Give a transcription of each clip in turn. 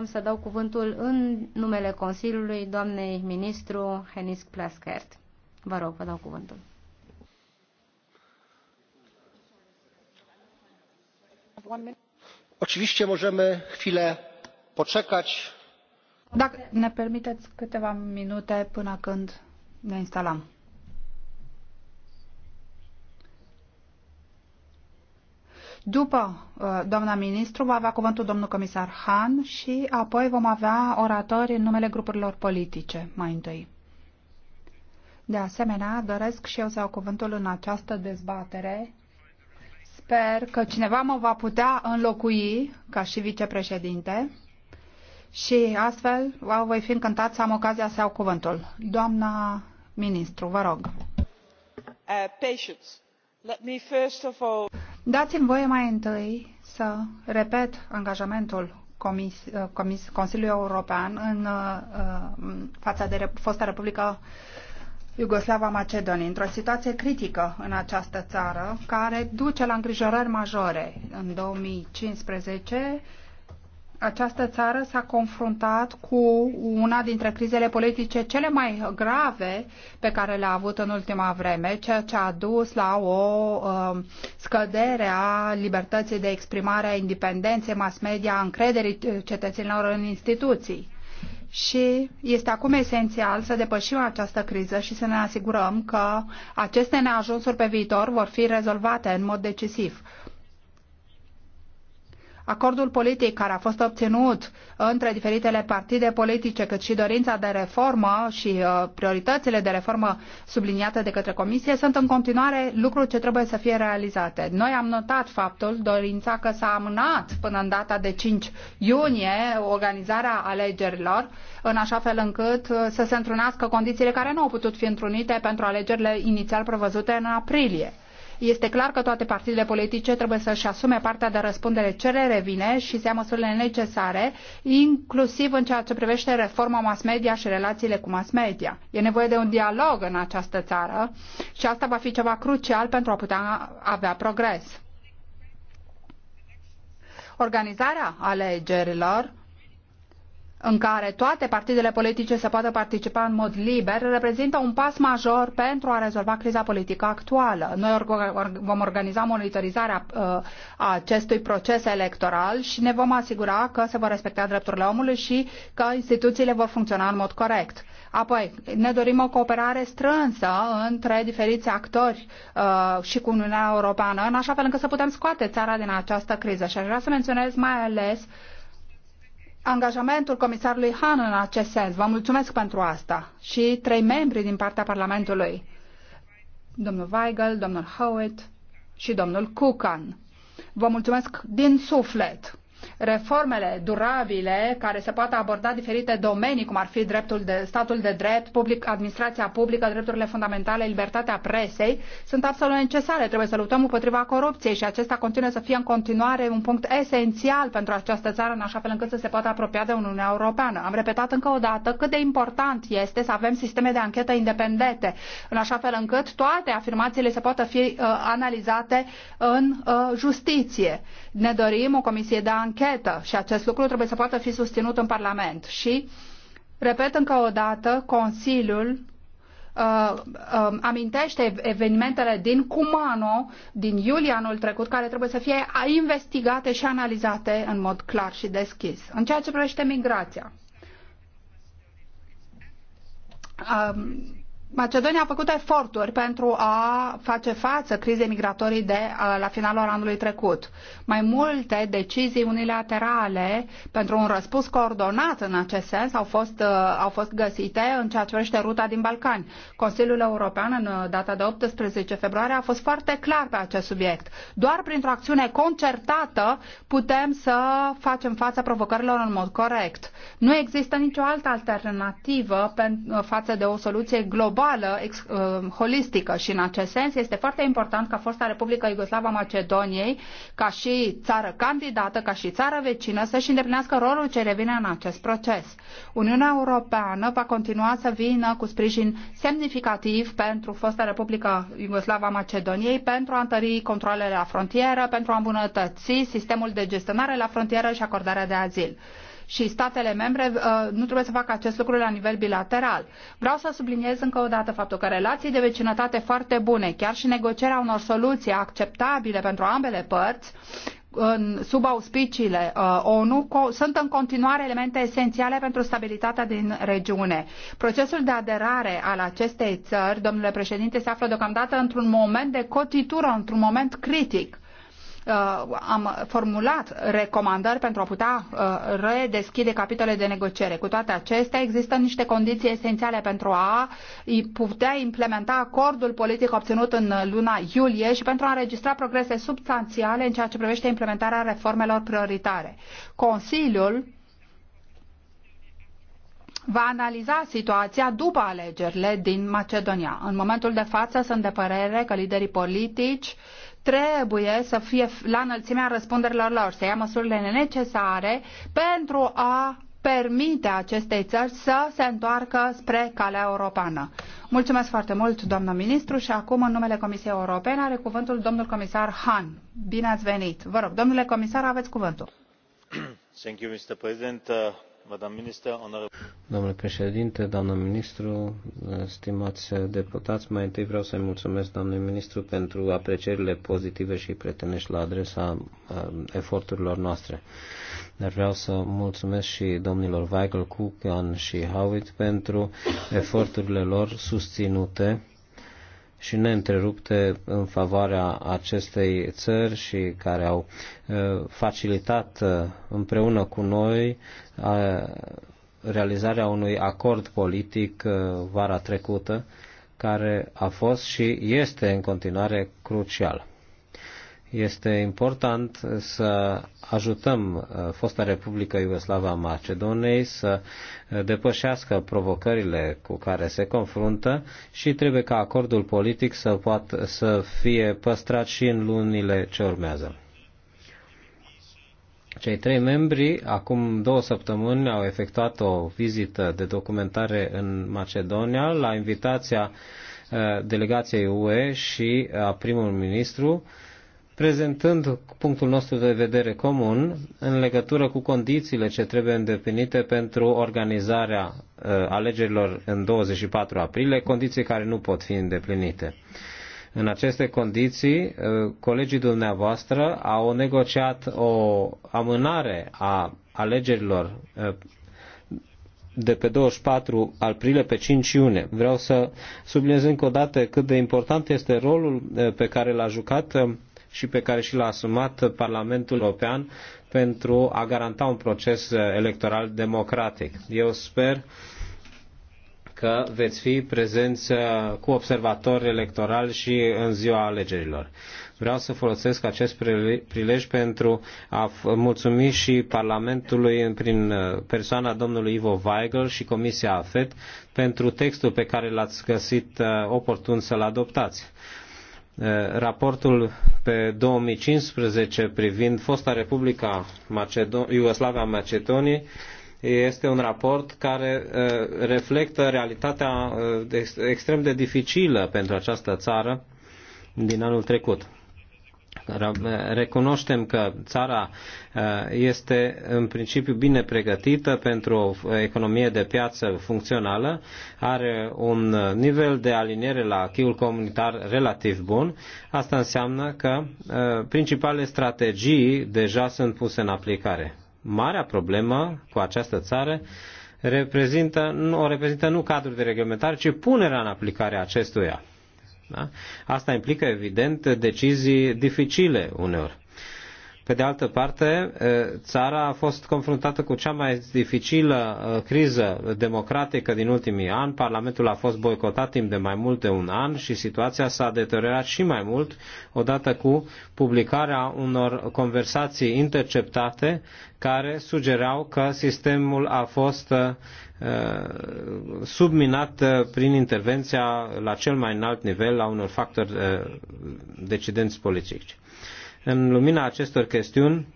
Am să dau cuvântul în numele Consiliului doamnei ministru Henis Plaskert. Vă rog, vă dau cuvântul. Oczywiście możemy chwilę poczekać. Dacă ne permiteți câteva minute până când ne instalăm. După uh, doamna ministru va avea cuvântul domnul comisar Han și apoi vom avea oratori în numele grupurilor politice mai întâi. De asemenea, doresc și eu să iau cuvântul în această dezbatere. Sper că cineva mă va putea înlocui ca și vicepreședinte și astfel voi fi încântat să am ocazia să iau cuvântul. Doamna ministru, vă rog. Uh, patience. Let me first of all... Dați-mi voie mai întâi să repet angajamentul Comis, uh, Comis, Consiliului European în uh, uh fața de fosta Republică Iugoslava Macedoniei, într-o situație critică în această țară, care duce la îngrijorări majore. În 2015, această țară s-a confruntat cu una dintre crizele politice cele mai grave pe care le-a avut în ultima vreme, ceea ce a dus la o uh, scădere a libertății de exprimare, a independenței mass media, a încrederii cetățenilor în instituții. Și este acum esențial să depășim această criză și să ne asigurăm că aceste neajunsuri pe viitor vor fi rezolvate în mod decisiv. Acordul politic care a fost obținut între diferitele partide politice, cât și dorința de reformă și uh, prioritățile de reformă subliniate de către Comisie sunt în continuare lucruri ce trebuie să fie realizate. Noi am notat faptul, dorința că s-a amânat până în data de 5 iunie organizarea alegerilor, în așa fel încât uh, să se întrunească condițiile care nu au putut fi întrunite pentru alegerile inițial prevăzute în aprilie. Este clar că toate partidele politice trebuie să-și asume partea de răspundere ce le revine și să ia măsurile necesare, inclusiv în ceea ce privește reforma mass media și relațiile cu mass media. E nevoie de un dialog în această țară și asta va fi ceva crucial pentru a putea avea progres. Organizarea alegerilor în care toate partidele politice se poată participa în mod liber, reprezintă un pas major pentru a rezolva criza politică actuală. Noi vom organiza monitorizarea uh, acestui proces electoral și ne vom asigura că se vor respecta drepturile omului și că instituțiile vor funcționa în mod corect. Apoi, ne dorim o cooperare strânsă între diferiți actori uh, și cu Uniunea Europeană, în așa fel încât să putem scoate țara din această criză. Și aș vrea să menționez mai ales uh, angajamentul comisarului Han în acest sens. Vă mulțumesc pentru asta. Și trei membri din partea Parlamentului, domnul Weigel, domnul Howitt și domnul Kukan. Vă mulțumesc din suflet Reformele durabile care se poate aborda diferite domenii, cum ar fi dreptul de, statul de drept, public, administrația publică, drepturile fundamentale, libertatea presei, sunt absolut necesare. Trebuie să luptăm împotriva corupției și acesta continuă să fie în continuare un punct esențial pentru această țară, în așa fel încât să se poată apropia de Uniunea Europeană. Am repetat încă o dată cât de important este să avem sisteme de anchetă independente, în așa fel încât toate afirmațiile se poată fi uh, analizate în uh, justiție. Ne dorim o comisie de anchetă anchetă și acest lucru trebuie să poată fi susținut în Parlament. Și, repet încă o dată, Consiliul uh, uh, amintește evenimentele din Cumano, din iulie anul trecut, care trebuie să fie investigate și analizate în mod clar și deschis. În ceea ce privește migrația. Um, Macedonia a făcut eforturi pentru a face față crizei migratorii de la finalul anului trecut. Mai multe decizii unilaterale pentru un răspuns coordonat în acest sens au fost, au fost găsite în ceea ce privește ruta din Balcani. Consiliul European în data de 18 februarie a fost foarte clar pe acest subiect. Doar printr-o acțiune concertată putem să facem față provocărilor în mod corect. Nu există nicio altă alternativă față de o soluție globală globală, ex, uh, holistică și în acest sens este foarte important ca fosta Republică Iugoslava Macedoniei, ca și țară candidată, ca și țară vecină, să-și îndeplinească rolul ce revine în acest proces. Uniunea Europeană va continua să vină cu sprijin semnificativ pentru fosta Republică Iugoslava Macedoniei, pentru a întări controlele la frontieră, pentru a îmbunătăți sistemul de gestionare la frontieră și acordarea de azil și statele membre uh, nu trebuie să facă acest lucru la nivel bilateral. Vreau să subliniez încă o dată faptul că relații de vecinătate foarte bune, chiar și negocierea unor soluții acceptabile pentru ambele părți, în, sub auspiciile uh, ONU co- sunt în continuare elemente esențiale pentru stabilitatea din regiune. Procesul de aderare al acestei țări, domnule președinte, se află deocamdată într-un moment de cotitură, într-un moment critic. Uh, am formulat recomandări pentru a putea uh, redeschide capitole de negociere. Cu toate acestea, există niște condiții esențiale pentru a putea implementa acordul politic obținut în luna iulie și pentru a înregistra progrese substanțiale în ceea ce privește implementarea reformelor prioritare. Consiliul va analiza situația după alegerile din Macedonia. În momentul de față sunt de părere că liderii politici uh, trebuie să fie la înălțimea răspunderilor lor, să ia măsurile necesare pentru a permite acestei țări să se întoarcă spre calea europeană. Mulțumesc foarte mult, doamnă ministru, și acum, în numele Comisiei Europene, are cuvântul domnul comisar Han. Bine ați venit! Vă rog, domnule comisar, aveți cuvântul. Thank you, Mr. President. Uh, Domnule președinte, doamnă ministru, stimați deputați, mai întâi vreau să-i mulțumesc doamnei ministru pentru aprecierile pozitive și pretenești la adresa uh, eforturilor noastre. Dar vreau să mulțumesc și domnilor Weigel, Kukan și Howitt pentru eforturile lor susținute și neîntrerupte în favoarea acestei țări și care au uh, facilitat uh, împreună cu noi uh, realizarea unui acord politic vara trecută, care a fost și este în continuare crucial este important să ajutăm uh, fosta Republică Iugoslava Macedonei să uh, depășească provocările cu care se confruntă și trebuie ca acordul politic să, poată, să fie păstrat și în lunile ce urmează. Cei trei membri, acum două săptămâni, au efectuat o vizită de documentare în Macedonia la invitația uh, delegației UE și a primului ministru prezentând punctul nostru de vedere comun în legătură cu condițiile ce trebuie îndeplinite pentru organizarea uh, alegerilor în 24 aprilie, condiții care nu pot fi îndeplinite. În aceste condiții, uh, colegii dumneavoastră au negociat o amânare a alegerilor uh, de pe 24 aprilie pe 5 iunie. Vreau să subliniez încă o dată cât de important este rolul pe care l-a jucat și pe care și l-a asumat Parlamentul European pentru a garanta un proces electoral democratic. Eu sper că veți fi prezenți cu observatori electoral și în ziua alegerilor. Vreau să folosesc acest prilej pentru a mulțumi și Parlamentului prin uh, persoana domnului Ivo Weigel și Comisia AFET pentru textul pe care l-ați găsit uh, oportun să-l adoptați raportul pe 2015 privind fosta Republica Macedon- Iugoslavia Macedoniei este un raport care uh, reflectă realitatea uh, extrem de dificilă pentru această țară din anul trecut. Recunoaștem că țara eh, este în principiu bine pregătită pentru o economie de piață funcțională, are un nivel de aliniere la chiul comunitar relativ bun. Asta înseamnă că eh, principalele strategii deja sunt puse în aplicare. Marea problemă cu această țară reprezintă, nu, o reprezintă nu cadrul de reglementare, ci punerea în aplicare a acestuia. Da? Asta implică, evident, decizii dificile uneori. Pe de altă parte, țara a fost confruntată cu cea mai dificilă criză democratică din ultimii ani. Parlamentul a fost boicotat timp de mai mult de un an și situația s-a deteriorat și mai mult odată cu publicarea unor conversații interceptate care sugerau că sistemul a fost Uh, subminat uh, prin intervenția la cel mai înalt nivel a unor factori uh, decidenți politici. În lumina acestor chestiuni,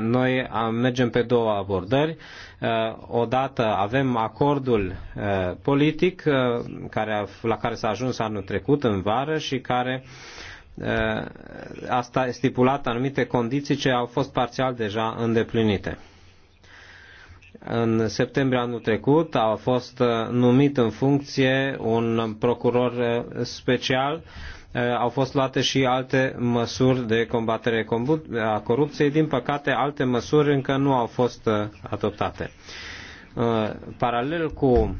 noi mergem pe două abordări. Odată avem acordul politic la care s-a ajuns anul trecut, în vară, și care a stipulat anumite condiții ce au fost parțial deja îndeplinite în septembrie anul trecut a fost uh, numit în funcție un procuror uh, special. Uh, au fost luate și alte măsuri de combatere a corupției. Din păcate, alte măsuri încă nu au fost adoptate paralel cu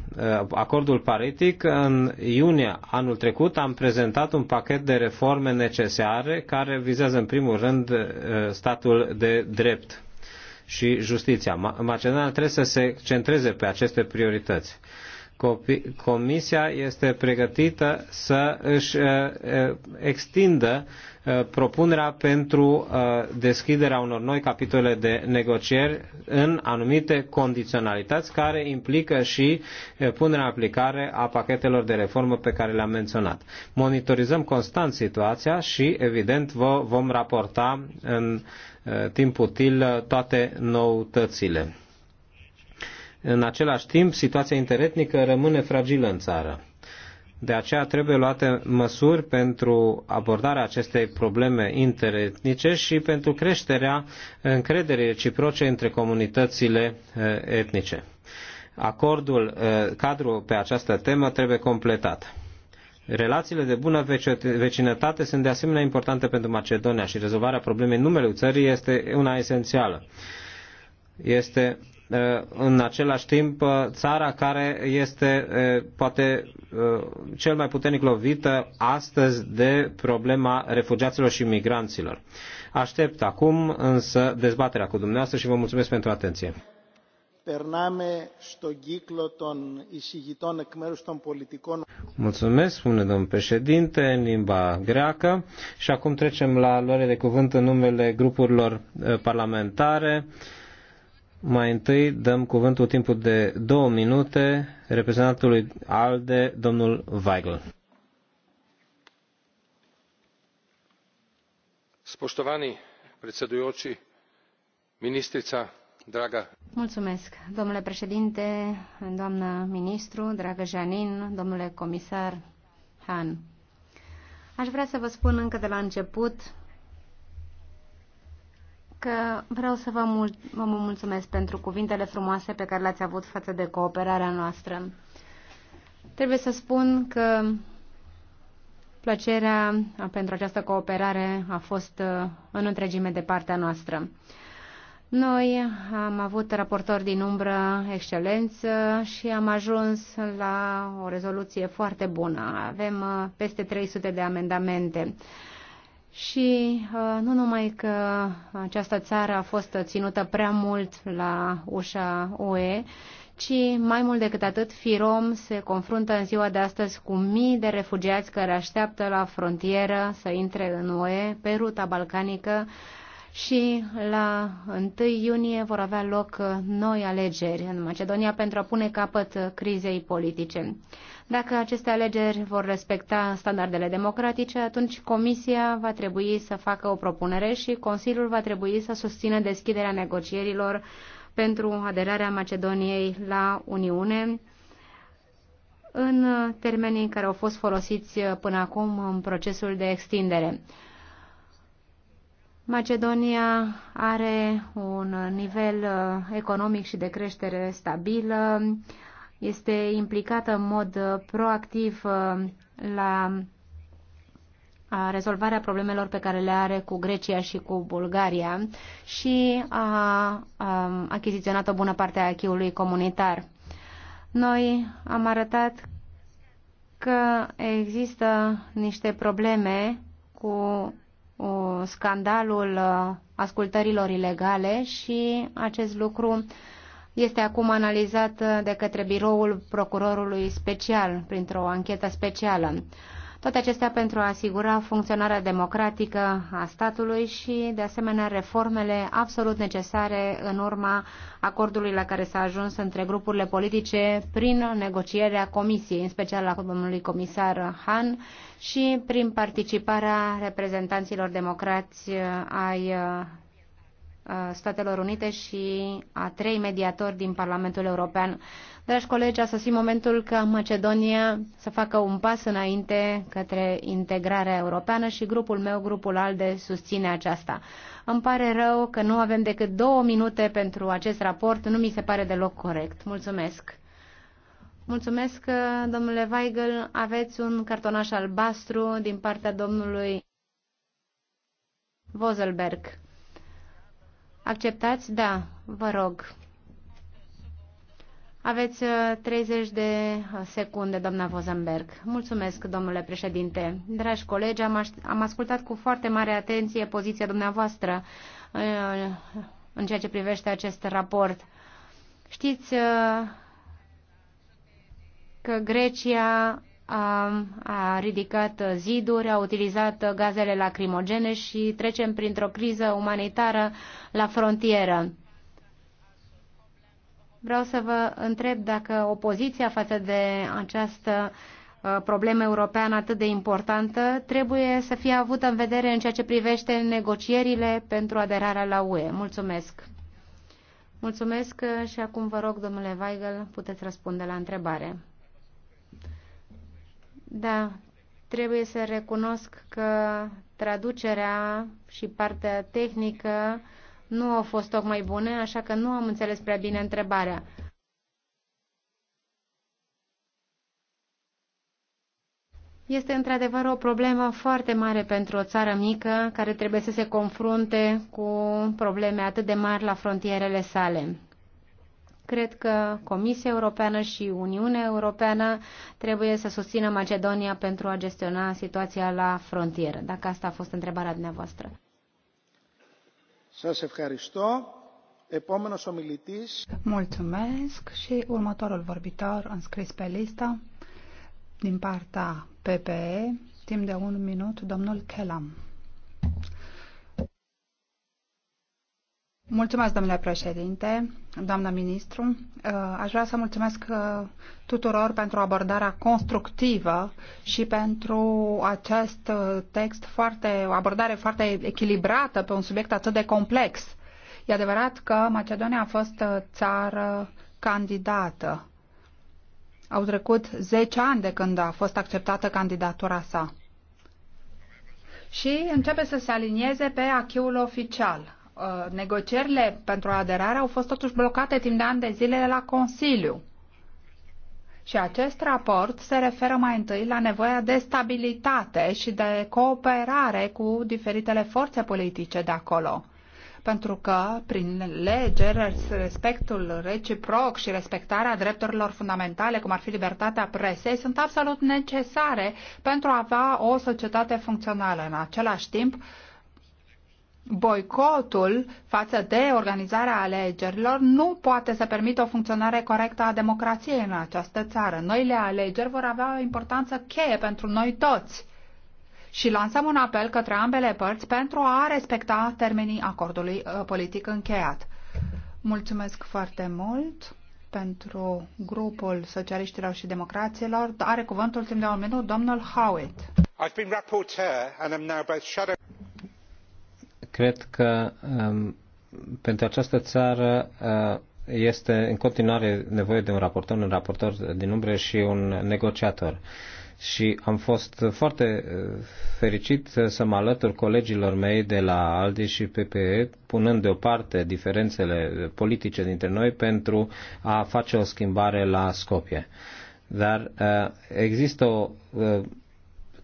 acordul paritic, în iunie anul trecut am prezentat un pachet de reforme necesare care vizează în primul rând statul de drept și justiția. Macedonia trebuie să se centreze pe aceste priorități. Comisia este pregătită să își uh, uh, extindă uh, propunerea pentru deschiderea unor noi capitole de negocieri în anumite condiționalități care implică și punerea în aplicare a pachetelor de reformă pe care le-am menționat. Monitorizăm constant situația și, evident, vă vom raporta în Uh, timp util uh, toate noutățile. În același timp, situația interetnică rămâne fragilă în țară. De aceea trebuie luate măsuri pentru abordarea acestei probleme interetnice și pentru creșterea încrederii reciproce între comunitățile uh, etnice. Acordul cadru pe această temă trebuie completat. Relațiile de bună vecinătate sunt de asemenea importante pentru Macedonia și rezolvarea problemei numelui țării este una esențială. Este uh, în același timp uh, țara care este uh, poate cel mai puternic lovită astăzi de problema refugiaților și migranților. Aștept acum însă dezbaterea cu dumneavoastră și vă mulțumesc pentru atenție. Περνάμε στον κύκλο των εισηγητών εκ μέρους των πολιτικών. Mulțumesc, spune domnul președinte, în limba greacă. Și acum trecem la luare de cuvânt în numele grupurilor eh, parlamentare. Mai întâi dăm cuvântul timpul de două minute reprezentantului ALDE, domnul Weigl. Spoștovanii, predsedujoči, ministrița, dragă. Mulțumesc, domnule președinte, doamnă ministru, dragă Janin, domnule comisar Han. Aș vrea să vă spun încă de la început că vreau să vă, mul- vă mulțumesc pentru cuvintele frumoase pe care le-ați avut față de cooperarea noastră. Trebuie să spun că plăcerea pentru această cooperare a fost uh, în întregime de partea noastră. Noi am avut raportori din umbră excelență și am ajuns la o rezoluție foarte bună. Avem uh, peste 300 de amendamente. Și uh, nu numai că această țară a fost ținută prea mult la ușa UE, ci mai mult decât atât, Firom se confruntă în ziua de astăzi cu mii de refugiați care așteaptă la frontieră să intre în UE pe ruta balcanică, și la 1 iunie vor avea loc uh, noi alegeri în Macedonia pentru a pune capăt uh, crizei politice. Dacă aceste alegeri vor respecta standardele democratice, atunci Comisia va trebui să facă o propunere și Consiliul va trebui să susțină deschiderea negocierilor pentru aderarea Macedoniei la Uniune în termenii care au fost folosiți uh, până acum în procesul de extindere. Macedonia are un nivel uh, economic și de creștere stabilă, uh, este implicată în mod uh, proactiv la rezolvarea problemelor pe care le are cu Grecia și cu Bulgaria și a, a um, achiziționat o bună parte a achiului comunitar. Noi am arătat că există niște probleme cu scandalul uh, ascultărilor ilegale și acest lucru este acum analizat uh, de către biroul procurorului special printr-o anchetă specială. Toate acestea pentru a asigura funcționarea democratică a statului și, de asemenea, reformele absolut necesare în urma acordului la care s-a ajuns între grupurile politice prin negocierea comisiei, în special la domnului comisar Han și prin participarea reprezentanților democrați ai Statelor Unite și a trei mediatori din Parlamentul European. Dragi colegi, a sosit momentul că Macedonia să facă un pas înainte către integrarea europeană și grupul meu, grupul ALDE, susține aceasta. Îmi pare rău că nu avem decât două minute pentru acest raport, nu mi se pare deloc corect. Mulțumesc! Mulțumesc, domnule Weigel. Aveți un cartonaș albastru din partea domnului Vozelberg. Acceptați? Da, vă rog. Aveți 30 uh, de secunde, doamna Vozenberg. Mulțumesc, domnule președinte. Dragi colegi, am, aș, am ascultat cu foarte mare atenție poziția dumneavoastră uh, în ceea ce privește acest raport. Știți uh, că Grecia a, a ridicat ziduri, a utilizat gazele lacrimogene și trecem printr-o criză umanitară la frontieră. Vreau să vă întreb dacă opoziția față de această problemă europeană atât de importantă trebuie să fie avută în vedere în ceea ce privește negocierile pentru aderarea la UE. Mulțumesc! Mulțumesc și acum vă rog, domnule Weigel, puteți răspunde la întrebare. Da, trebuie să recunosc că traducerea și partea tehnică nu au fost tocmai bune, așa că nu am înțeles prea bine întrebarea. Este într-adevăr o problemă foarte mare pentru o țară mică care trebuie să se confrunte cu probleme atât de mari la frontierele sale. Cred că Comisia Europeană și Uniunea Europeană trebuie să susțină Macedonia pentru a gestiona situația la frontieră, dacă asta a fost întrebarea dumneavoastră. se ευχαριστώ. Επόμενος ομιλητής. Mulțumesc și următorul vorbitor înscris pe listă din partea PPE, timp de un minut, domnul Kelam. Mulțumesc, domnule președinte, doamnă ministru. Uh, aș vrea să mulțumesc uh, tuturor pentru abordarea constructivă și pentru acest uh, text foarte, o abordare foarte echilibrată pe un subiect atât de complex. E adevărat că Macedonia a fost țară candidată. Au trecut 10 ani de când a fost acceptată candidatura sa și începe să se alinieze pe acheul oficial Uh, negocierile pentru aderare au fost totuși blocate timp de ani de zile la Consiliu. Și acest raport se referă mai întâi la nevoia de stabilitate și de cooperare cu diferitele forțe politice de acolo. Pentru că, prin lege, respectul reciproc și respectarea drepturilor fundamentale, cum ar fi libertatea presei, sunt absolut necesare pentru a avea o societate funcțională. În același timp, boicotul față de organizarea alegerilor nu poate să permită o funcționare corectă a democrației în această țară. Noile alegeri vor avea o importanță cheie pentru noi toți. Și lansăm un apel către ambele părți pentru a respecta termenii acordului uh, politic încheiat. Mulțumesc foarte mult pentru grupul socialiștilor și democraților. Are cuvântul timp de un minut domnul Howitt. I've been rapporteur and now both shadow... Cred că um, pentru această țară uh, este în continuare nevoie de un raportor, un raportor din umbre și un negociator. Și am fost foarte uh, fericit să mă alătur colegilor mei de la ALDE și PPE, punând deoparte diferențele politice dintre noi pentru a face o schimbare la Scopie. Dar uh, există o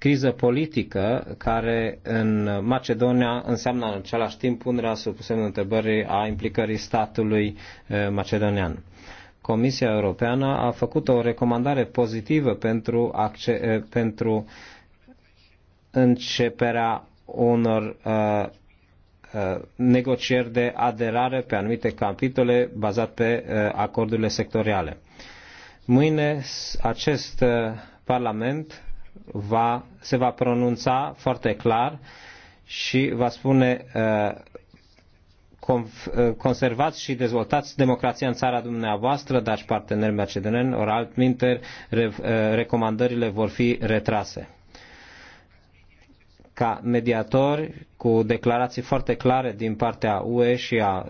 criză politică care în Macedonia înseamnă în același timp punerea sub semnul întrebării a implicării statului eh, macedonian. Comisia Europeană a făcut o recomandare pozitivă pentru, acce- eh, pentru începerea unor uh, uh, negocieri de aderare pe anumite capitole bazat pe uh, acordurile sectoriale. Mâine acest Parlament va, se va pronunța foarte clar și va spune uh, uh, conservați și dezvoltați democrația în țara dumneavoastră, dar și parteneri macedoneni, ori altminte, uh, recomandările vor fi retrase. Ca mediatori, cu declarații foarte clare din partea UE și a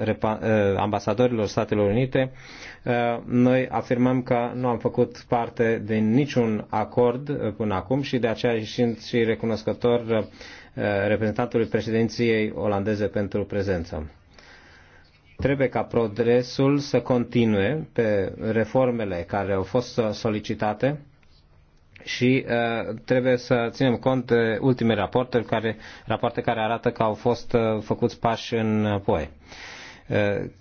ambasadorilor Statelor Unite, Uh, noi afirmăm că nu am făcut parte din niciun acord uh, până acum și de aceea sunt și recunoscător uh, reprezentantului președinției olandeze pentru prezență. Trebuie ca progresul să continue pe reformele care au fost solicitate și uh, trebuie să ținem cont de ultimele rapoarte care, rapoarte care arată că au fost uh, făcuți pași înapoi. Uh,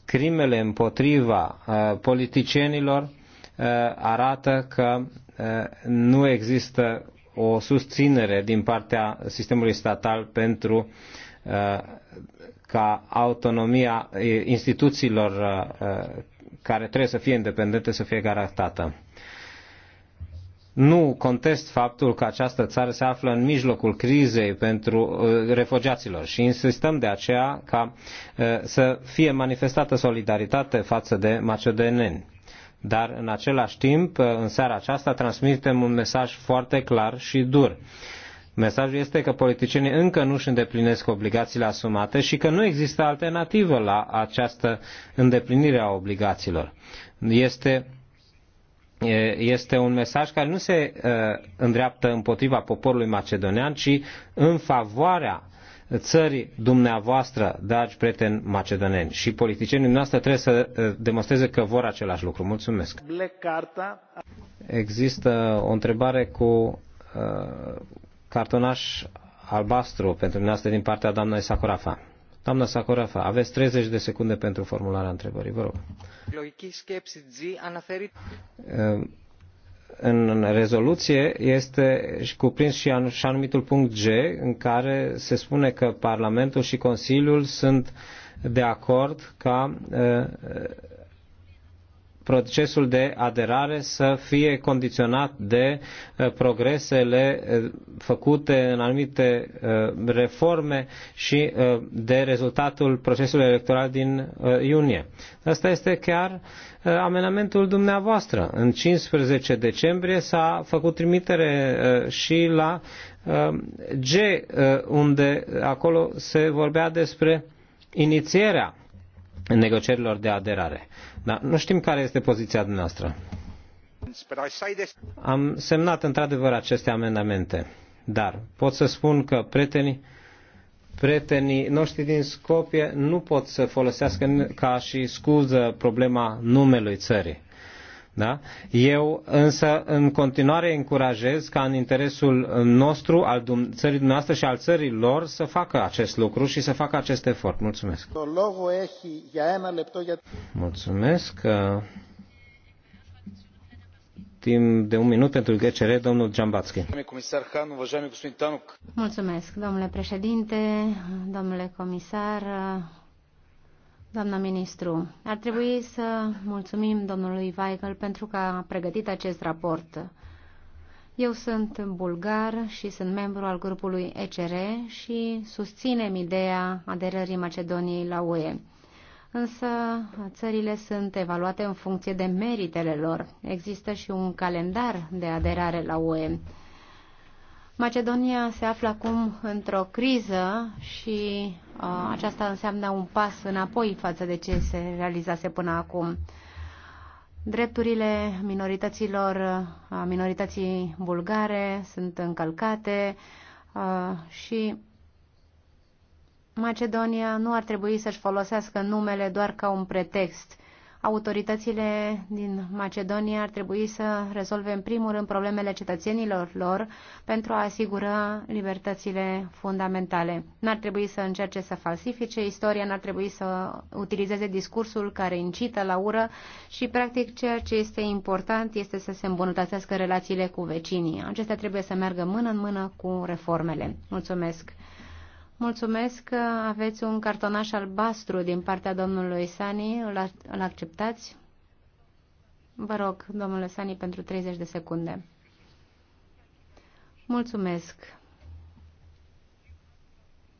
crimele împotriva uh, politicienilor uh, arată că uh, nu există o susținere din partea sistemului statal pentru ca autonomia instituțiilor care trebuie să fie independente să fie garantată. Nu contest faptul că această țară se află în mijlocul crizei pentru uh, refugiaților și insistăm de aceea ca uh, să fie manifestată solidaritate față de macedoneni. Dar în același timp, uh, în seara aceasta, transmitem un mesaj foarte clar și dur. Mesajul este că politicienii încă nu își îndeplinesc obligațiile asumate și că nu există alternativă la această îndeplinire a obligațiilor. Este este un mesaj care nu se îndreaptă împotriva poporului macedonean, ci în favoarea țării dumneavoastră, dragi prieteni macedoneni. Și politicienii noastre trebuie să demonstreze că vor același lucru. Mulțumesc. Există o întrebare cu cartonaș albastru pentru dumneavoastră din partea doamnei Sacorafa. Doamna Sacorafa, aveți 30 de secunde pentru formularea întrebării. Vă rog. Λογική σκέψη G αναφέρει... În rezoluție este cuprins și, și anumitul punct G, în care se spune că Parlamentul și Consiliul sunt de acord ca procesul de aderare să fie condiționat de eh, progresele eh, făcute în anumite eh, reforme și de rezultatul procesului electoral din iunie. Asta este chiar amenamentul dumneavoastră. În 15 decembrie s-a făcut trimitere și la G, unde acolo se vorbea despre inițierea negocierilor de aderare. Dar nu știm care este poziția dumneavoastră. Am semnat într-adevăr aceste amendamente, dar pot să spun că prietenii, prietenii noștri din Scopie nu pot să folosească ca și scuză problema numelui țării. Da? Eu însă în continuare încurajez ca în interesul nostru, al țării dumneavoastră și al țărilor să facă acest lucru și să facă acest efort. Mulțumesc. Mulțumesc. Ă, timp de un minut pentru GCR, domnul Giambatski. Mulțumesc, domnule președinte, domnule comisar, Doamna ministru, ar trebui să mulțumim domnului Weigel pentru că a pregătit acest raport. Eu sunt bulgar și sunt membru al grupului ECR și susținem ideea aderării Macedoniei la UE. Însă țările sunt evaluate în funcție de meritele lor. Există și un calendar de aderare la UE. Macedonia se află acum într-o criză și uh, aceasta înseamnă un pas înapoi față de ce se realizase până acum. Drepturile minorităților, a minorității bulgare sunt încălcate uh, și Macedonia nu ar trebui să-și folosească numele doar ca un pretext uh, autoritățile din Macedonia ar trebui să rezolve în primul rând problemele cetățenilor lor pentru a asigura libertățile fundamentale. N-ar trebui să încerce să falsifice istoria, n-ar trebui să utilizeze discursul care incită la ură și, practic, ceea ce este important este să se îmbunătățească relațiile cu vecinii. Acestea trebuie să meargă mână în mână cu reformele. Mulțumesc! Mulțumesc că aveți un cartonaș albastru din partea domnului Sani. Îl, îl acceptați? Vă rog, domnule Sani, pentru 30 de secunde. Mulțumesc.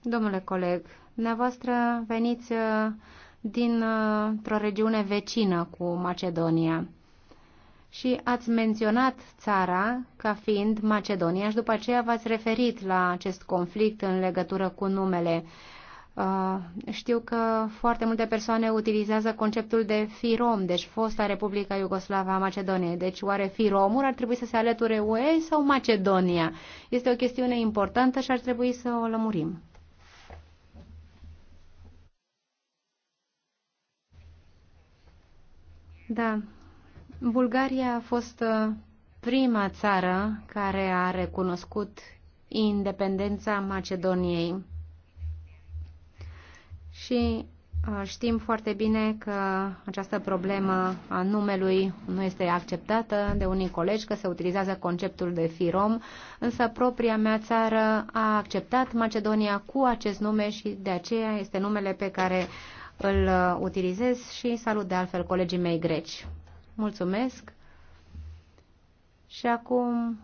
Domnule coleg, dumneavoastră veniți uh, dintr-o regiune vecină cu Macedonia și ați menționat țara ca fiind Macedonia și după aceea v-ați referit la acest conflict în legătură cu numele. Uh, știu că foarte multe persoane utilizează conceptul de FIROM, deci fosta Republica Iugoslava a Macedoniei. Deci oare firom ar trebui să se alăture UE sau Macedonia? Este o chestiune importantă și ar trebui să o lămurim. Da, Bulgaria a fost uh, prima țară care a recunoscut independența Macedoniei. Și uh, știm foarte bine că această problemă a numelui nu este acceptată de unii colegi, că se utilizează conceptul de firom, însă propria mea țară a acceptat Macedonia cu acest nume și de aceea este numele pe care îl uh, utilizez și salut de altfel colegii mei greci. Mulțumesc. Și acum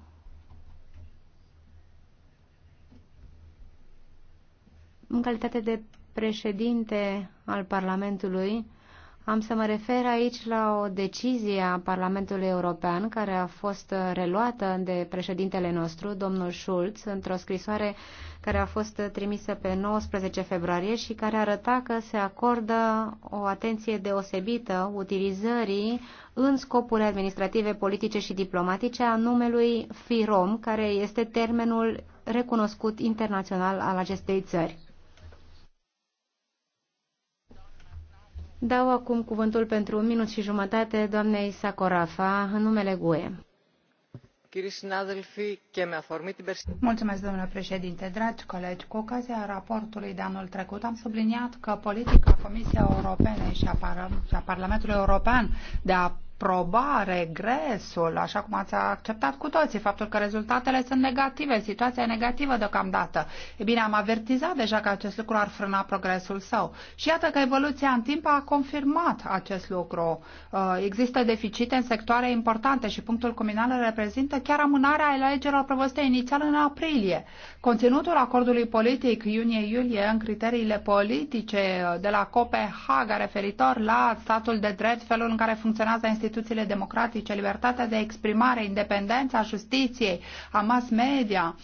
în calitate de președinte al Parlamentului am să mă refer aici la o decizie a Parlamentului European care a fost reluată de președintele nostru, domnul Schulz, într-o scrisoare care a fost trimisă pe 19 februarie și care arăta că se acordă o atenție deosebită utilizării în scopuri administrative, politice și diplomatice a numelui FIROM, care este termenul recunoscut internațional al acestei țări. Dau acum cuvântul pentru un minut și jumătate doamnei Sacorafa, în numele GUE. Mulțumesc, domnule președinte. Dragi colegi, cu ocazia raportului de anul trecut am subliniat că politica Comisiei Europene și a Parlamentului European de a proba regresul, așa cum ați acceptat cu toții, faptul că rezultatele sunt negative, situația e negativă deocamdată. E bine, am avertizat deja că acest lucru ar frâna progresul său. Și iată că evoluția în timp a confirmat acest lucru. Uh, există deficite în sectoare importante și punctul cuminal reprezintă chiar amânarea alegerilor prevăzute inițial în aprilie. Conținutul acordului politic iunie-iulie în criteriile politice uh, de la Copenhaga referitor la statul de drept, felul în care funcționează instituția instituțiile democratice, libertatea de exprimare, independența justiției, a mass media.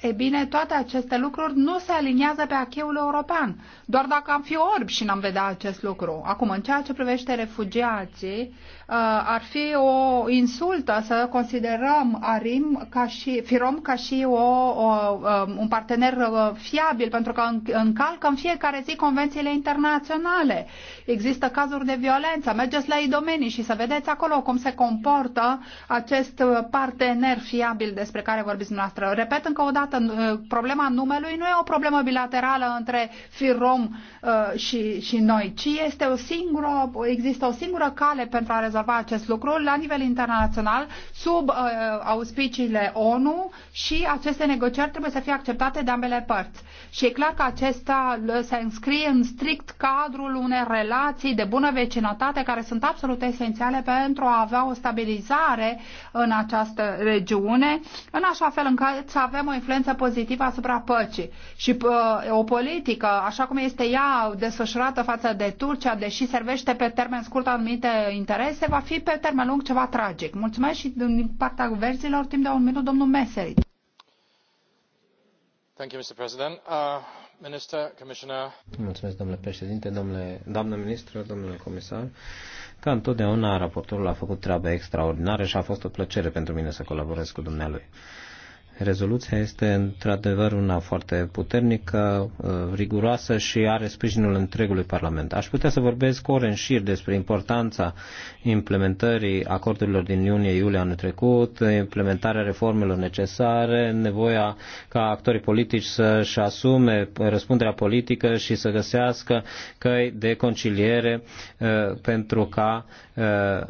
E bine, toate aceste lucruri nu se aliniază pe acheul european, doar dacă am fi orbi și n-am vedea acest lucru. Acum, în ceea ce privește refugiații, Uh, ar fi o insultă să considerăm Arim ca și, Firom ca și o, o, um, un partener uh, fiabil, pentru că încalcă în fiecare zi convențiile internaționale. Există cazuri de violență. Mergeți la ei domenii și să vedeți acolo cum se comportă acest uh, partener fiabil despre care vorbiți noastră. Repet încă o dată, problema numelui nu e o problemă bilaterală între Firom și, și noi, ci este o singură, există o singură cale pentru a rezolva rezolva acest lucru la nivel internațional sub uh, auspiciile ONU și aceste negocieri trebuie să fie acceptate de ambele părți. Și e clar că acesta se înscrie în strict cadrul unei relații de bună vecinătate care sunt absolut esențiale pentru a avea o stabilizare în această regiune, în așa fel încât să avem o influență pozitivă asupra păcii. Și uh, o politică, așa cum este ea desfășurată față de Turcia, deși servește pe termen scurt anumite interese, este va fi pe termen lung ceva tragic. Mulțumesc și din partea verzilor timp de un minut domnul Meseric. Thank you, Mr. President. Uh, Minister, Commissioner. Mulțumesc, domnule președinte, domnule, doamnă ministru, domnule comisar. Ca întotdeauna, raportorul a făcut treabă extraordinară și a fost o plăcere pentru mine să colaborez cu dumnealui. Rezoluția este într-adevăr una foarte puternică, uh, riguroasă și are sprijinul întregului Parlament. Aș putea să vorbesc ore în șir despre importanța implementării acordurilor din iunie-iulie anul trecut, implementarea reformelor necesare, nevoia ca actorii politici să-și asume răspunderea politică și să găsească căi de conciliere uh, pentru ca Uh,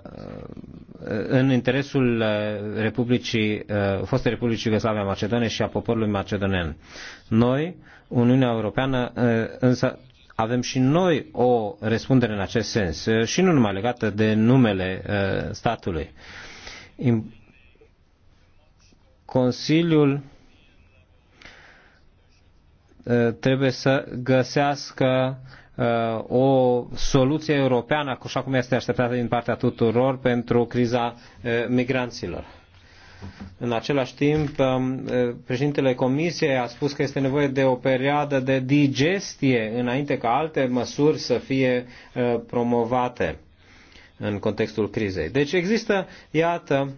în interesul uh, Republicii, uh, fostei Republicii Iugoslavia Macedone și a poporului macedonen. Noi, Uniunea Europeană, însă avem și noi o răspundere în acest sens și nu numai legată de numele statului. Consiliul trebuie să găsească uh, Uh, o soluție europeană, așa cum este așteptată din partea tuturor, pentru criza uh, migranților. În același timp, um, uh, președintele Comisiei a spus că este nevoie de o perioadă de digestie înainte ca alte măsuri să fie promovate în contextul crizei. Deci există, iată,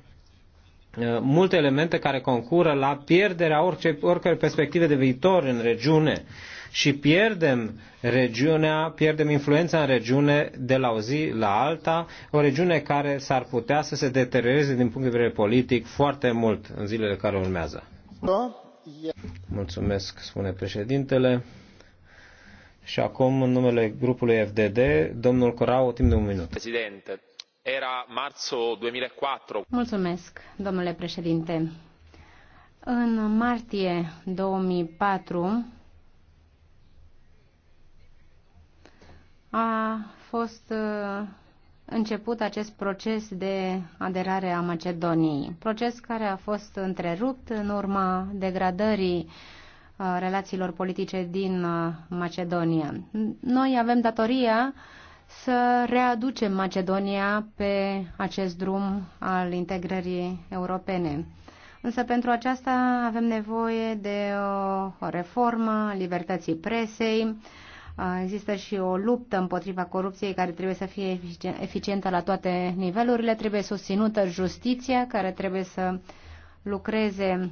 multe elemente care concură la pierderea oricărei perspective de viitor în regiune și pierdem regiunea, pierdem influența în regiune de la o zi la alta, o regiune care s-ar putea să se deterioreze din punct de vedere politic foarte mult în zilele care urmează. Mulțumesc, spune președintele. Și acum, în numele grupului FDD, domnul Corau, timp de un minut. Președinte, era marzo 2004. Mulțumesc, domnule președinte. În martie 2004, a fost uh, început acest proces de aderare a Macedoniei, proces care a fost întrerupt în urma degradării uh, relațiilor politice din uh, Macedonia. Noi avem datoria să readucem Macedonia pe acest drum al integrării europene. Însă pentru aceasta avem nevoie de o, reformă libertății presei, Există și o luptă împotriva corupției care trebuie să fie eficientă la toate nivelurile. Trebuie susținută justiția care trebuie să lucreze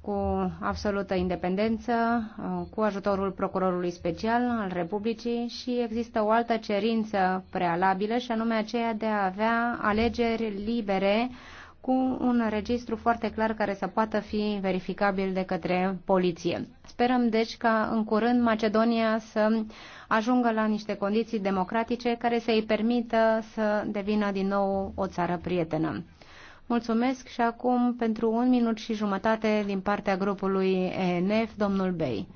cu absolută independență, cu ajutorul procurorului special al Republicii și există o altă cerință prealabilă și anume aceea de a avea alegeri libere cu un registru foarte clar care să poată fi verificabil de către poliție. Sperăm deci ca în curând Macedonia să ajungă la niște condiții democratice care să îi permită să devină din nou o țară prietenă. Mulțumesc și acum pentru un minut și jumătate din partea grupului ENF, domnul Bey.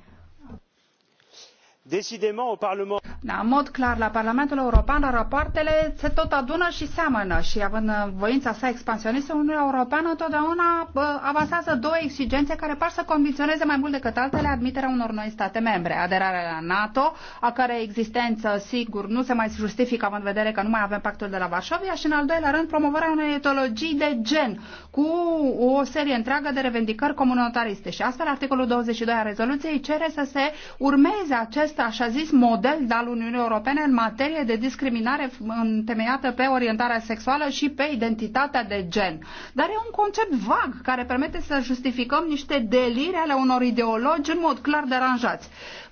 Da, în mod clar, la Parlamentul European rapoartele se tot adună și seamănă și având uh, voința sa expansionistă, Uniunea Europeană întotdeauna avansează două exigențe care par să condiționeze mai mult decât altele admiterea unor noi state membre. Aderarea la NATO, a care existență, sigur, nu se mai justifică având în vedere că nu mai avem pactul de la Varșovia și, în al doilea rând, promovarea unei etologii de gen cu o serie întreagă de revendicări comunitariste. Și astfel, articolul 22 a rezoluției cere să se urmeze acest acest așa zis model al Uniunii Europene în materie de discriminare întemeiată pe orientarea sexuală și pe identitatea de gen. Dar e un concept vag care permite să justificăm niște delire ale unor ideologi în mod clar deranjați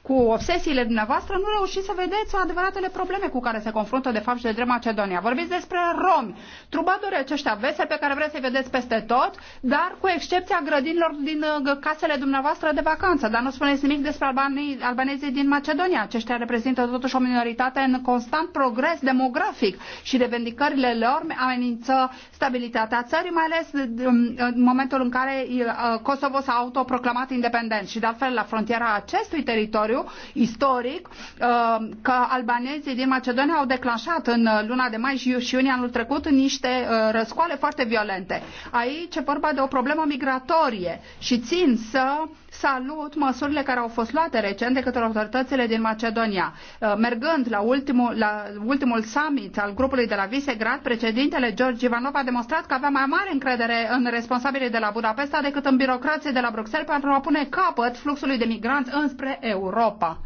cu obsesiile dumneavoastră nu reușiți să vedeți adevăratele probleme cu care se confruntă de fapt și de drept Macedonia. Vorbiți despre romi, trubadurii aceștia vese pe care vreți să-i vedeți peste tot, dar cu excepția grădinilor din uh, casele dumneavoastră de vacanță. Dar nu spuneți nimic despre albanezii, albanezii din Macedonia. Aceștia reprezintă totuși o minoritate în constant progres demografic și revendicările lor amenință stabilitatea țării, mai ales uh, um, în momentul în care uh, Kosovo s-a autoproclamat independent. Și de altfel, la frontiera acestui teritoriu, istoriu, istoric uh, că albanezii din Macedonia au declanșat în uh, luna de mai și iunie anul trecut niște uh, răscoale foarte violente. Aici e vorba de o problemă migratorie și țin să salut măsurile care au fost luate recent de către autoritățile din Macedonia. Uh, mergând la ultimul, la ultimul summit al grupului de la Visegrad, președintele George Ivanov a demonstrat că avea mai mare încredere în responsabilii de la Budapesta decât în birocrații de la Bruxelles pentru a pune capăt fluxului de migranți înspre Europa.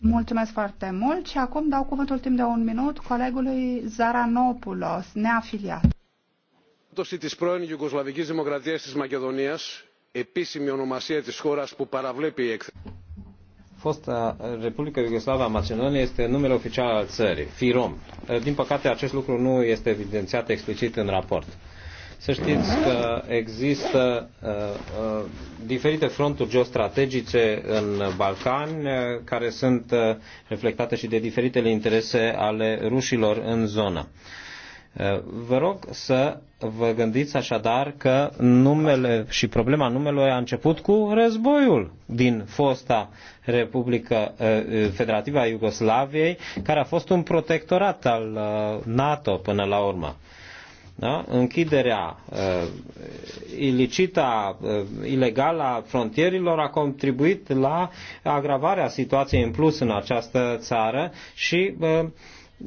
Mulțumesc foarte mult și acum dau cuvântul timp de un minut colegului Zaranopoulos, neafiliat. Πτώση της πρώην Ιουγκοσλαβικής Δημοκρατίας της Μακεδονίας, επίσημη ονομασία της χώρας που παραβλέπει η έκθεση. Fosta Republică Iugoslava Macedonia este numele oficial al țării, FIROM. Eh, din păcate, acest lucru nu este evidențiat explicit în raport. Să știți că există uh, uh, diferite fronturi geostrategice în Balcani uh, care sunt uh, reflectate și de diferitele interese ale rușilor în zonă. Eh, vă rog să vă gândiți așadar că numele și problema numelui a început cu războiul din fosta Republică eh, Federativă a Iugoslaviei, care a fost un protectorat al eh, NATO până la urmă. Da? Închiderea uh, ilicită, uh, ilegală a frontierilor a contribuit la agravarea situației în plus în această țară și uh,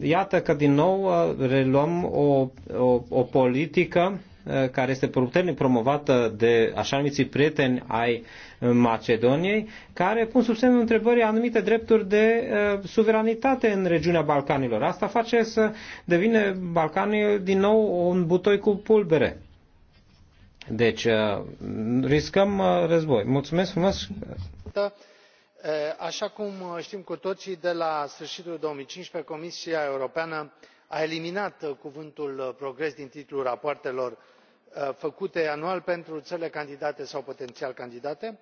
Iată că din nou uh, reluăm o, o, o politică uh, care este puternic promovată de așa numiții prieteni ai uh, Macedoniei, care pun sub semnul întrebării anumite drepturi de uh, suveranitate în regiunea Balcanilor. Asta face să devine Balcanii din nou un butoi cu pulbere. Deci uh, riscăm uh, război. Mulțumesc frumos! Da așa cum uh, știm cu toții de la sfârșitul două mii cincisprezece comisia europeană a eliminat uh, cuvântul uh, progres din titlul rapoartelor făcute anual pentru țările candidate sau potențial candidate.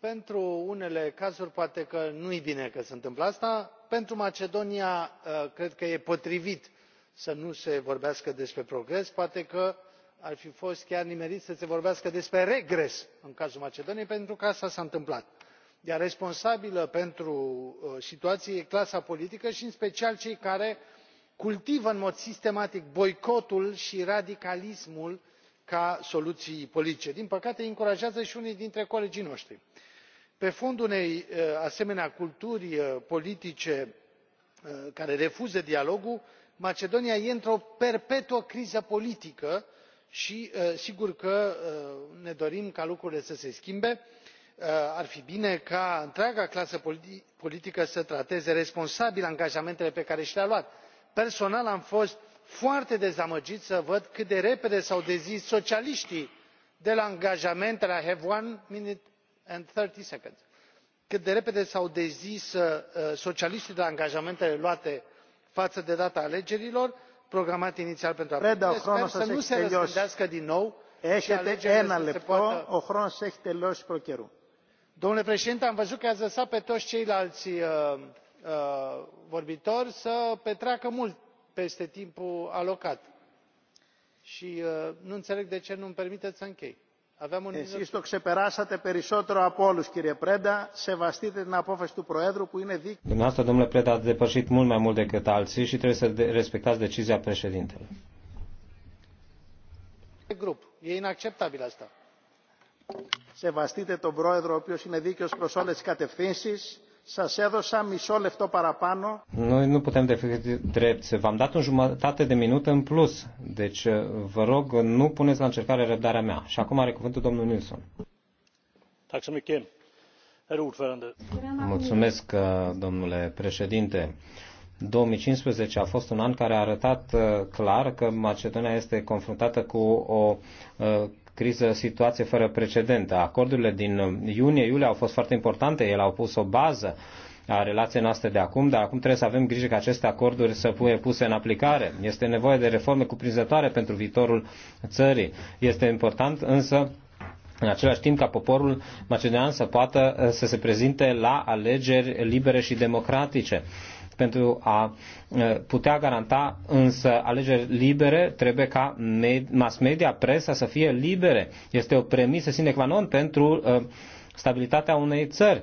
pentru unele cazuri poate că nu e bine că se întâmplă asta pentru macedonia cred că e potrivit să nu se vorbească despre progres poate că ar fi fost chiar nimerit să se vorbească despre regres în cazul macedoniei pentru că asta s a întâmplat iar responsabilă pentru uh, situație este clasa politică și în special cei care cultivă în mod sistematic boicotul și radicalismul ca soluții politice. din păcate îi încurajează și unii dintre colegii noștri. pe fondul unei uh, asemenea culturi uh, politice care refuză dialogul macedonia este într o perpetuă criză politică și sigur că ne dorim ca lucrurile să se schimbe. Uh, ar fi bine ca întreaga clasă politică să trateze responsabil angajamentele pe care și le a luat. personal am fost foarte dezamăgit să văd cât de repede s au dezis socialiștii de la angajamentele i have one minute and thirty seconds cât de repede s au dezis uh, socialiștii de la angajamentele luate față de data alegerilor programate inițial pentru aprilie. sper să nu se răspândească din nou și alegerile să se poată domnule președinte am văzut că i ați lăsat pe toți ceilalți uh, uh, vorbitori să petreacă mult peste timpul alocat și uh, nu înțeleg de ce nu îmi permiteți să închei. aveam un deci, minut. dumneavoastră domnule preda ați depășit mult mai mult decât alții și trebuie să respectați decizia președintelui. grup e inacceptabil asta. Σεβαστείτε τον πρόεδρο, ο οποίος είναι δίκαιος προς όλες τις κατευθύνσεις. Σας έδωσα μισό λεπτό παραπάνω. Noi nu putem defini drept. V-am dat un jumătate de minut în plus. Deci, uh, vă rog, nu puneți la încercare răbdarea mea. Și acum are cuvântul domnul Nilsson. mycket, herr ordförande. Mulțumesc, uh, domnule președinte. 2015 a fost un an care a arătat uh, clar că Macedonia este confruntată cu o criză, situație fără precedent. Acordurile din iunie-iulie au fost foarte importante, ele au pus o bază a relației noastre de acum, dar acum trebuie să avem grijă ca aceste acorduri să fie puse în aplicare. Este nevoie de reforme cuprinzătoare pentru viitorul țării. Este important însă în același timp ca poporul macedonian să poată să se prezinte la alegeri libere și democratice. Pentru a putea garanta însă alegeri libere, trebuie ca mass media, presa să fie libere. Este o premisă sine qua non pentru stabilitatea unei țări.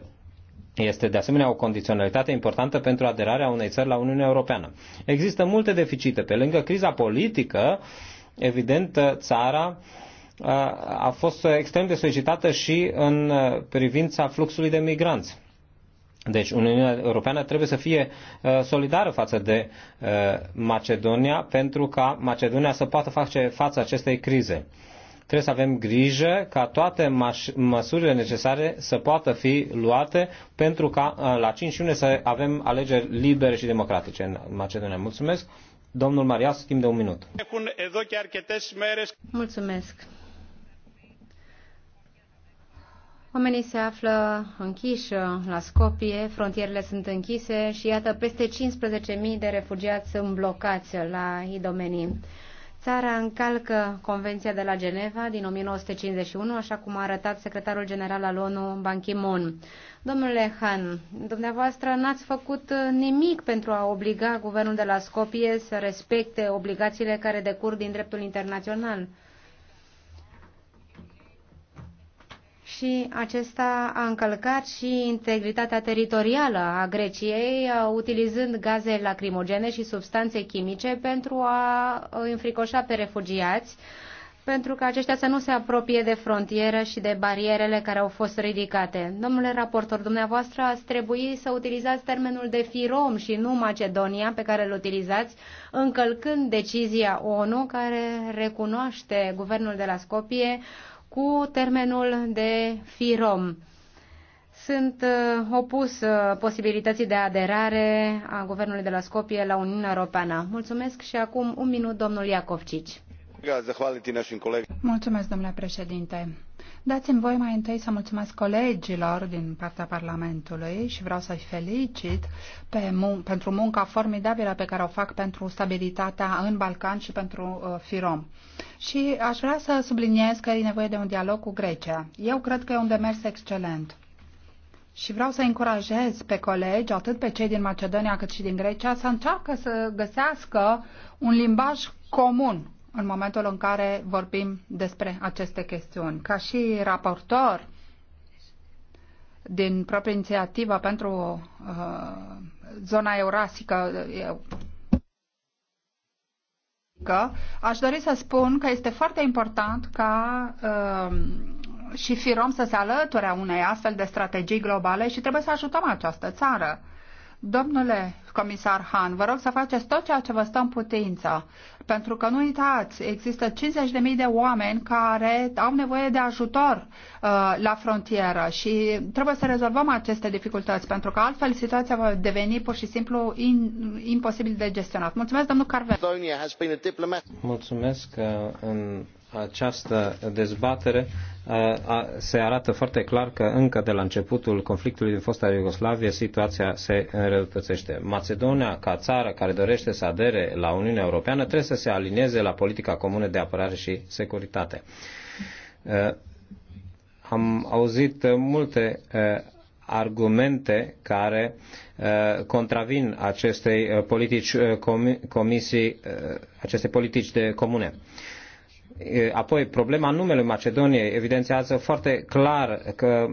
Este de asemenea o condiționalitate importantă pentru aderarea unei țări la Uniunea Europeană. Există multe deficite. Pe lângă criza politică, evident, țara a fost extrem de solicitată și în privința fluxului de migranți. Deci Uniunea Europeană trebuie să fie uh, solidară față de uh, Macedonia pentru ca Macedonia să poată face față acestei crize. Trebuie să avem grijă ca toate măsurile necesare să poată fi luate pentru ca uh, la 5 iunie să avem alegeri libere și democratice în Macedonia. Mulțumesc. Domnul Marias, timp de un minut. Mulțumesc. Oamenii se află închiși la Scopie, frontierele sunt închise și iată peste 15.000 de refugiați sunt blocați la idomenii. Țara încalcă Convenția de la Geneva din 1951, așa cum a arătat secretarul general al ONU, Ban Ki-moon. Domnule Han, dumneavoastră n-ați făcut nimic pentru a obliga guvernul de la Scopie să respecte obligațiile care decur din dreptul internațional. și acesta a încălcat și integritatea teritorială a Greciei, uh, utilizând gaze lacrimogene și substanțe chimice pentru a uh, înfricoșa pe refugiați, pentru că aceștia să nu se apropie de frontieră și de barierele care au fost ridicate. Domnule raportor, dumneavoastră ați trebui să utilizați termenul de firom și nu Macedonia pe care îl utilizați, încălcând decizia ONU care recunoaște guvernul de la Scopie cu termenul de FIROM. Sunt uh, opus uh, posibilității de aderare a Guvernului de la Scopie la Uniunea Europeană. Mulțumesc și acum un minut domnul Iacovcici. Mulțumesc, domnule președinte. Dați-mi voi mai întâi să mulțumesc colegilor din partea Parlamentului și vreau să-i felicit pe mun- pentru munca formidabilă pe care o fac pentru stabilitatea în Balcan și pentru uh, FIROM. Și aș vrea să subliniez că e nevoie de un dialog cu Grecia. Eu cred că e un demers excelent. Și vreau să încurajez pe colegi, atât pe cei din Macedonia cât și din Grecia, să încearcă să găsească un limbaj comun în momentul în care vorbim despre aceste chestiuni. Ca și raportor din proprie inițiativă pentru uh, zona eurasică, eu, aș dori să spun că este foarte important ca uh, și Firom să se alăture unei astfel de strategii globale și trebuie să ajutăm această țară. Domnule comisar Han, vă rog să faceți tot ceea ce vă stă în putință pentru că nu uitați, există 50.000 de oameni care au nevoie de ajutor uh, la frontieră și trebuie să rezolvăm aceste dificultăți, pentru că altfel situația va deveni pur și simplu in, imposibil de gestionat. Mulțumesc, domnul Carver. Mulțumesc că uh, în această dezbatere uh, se arată foarte clar că încă de la începutul conflictului din fosta Iugoslavie situația se înrăutățește. Macedonia, ca țară care dorește să adere la Uniunea Europeană, trebuie să se alinieze la politica comună de apărare și securitate. Uh, am auzit multe uh, argumente care contravin acestei politici comisii, aceste politici de comune. Apoi, problema numelui Macedoniei evidențiază foarte clar că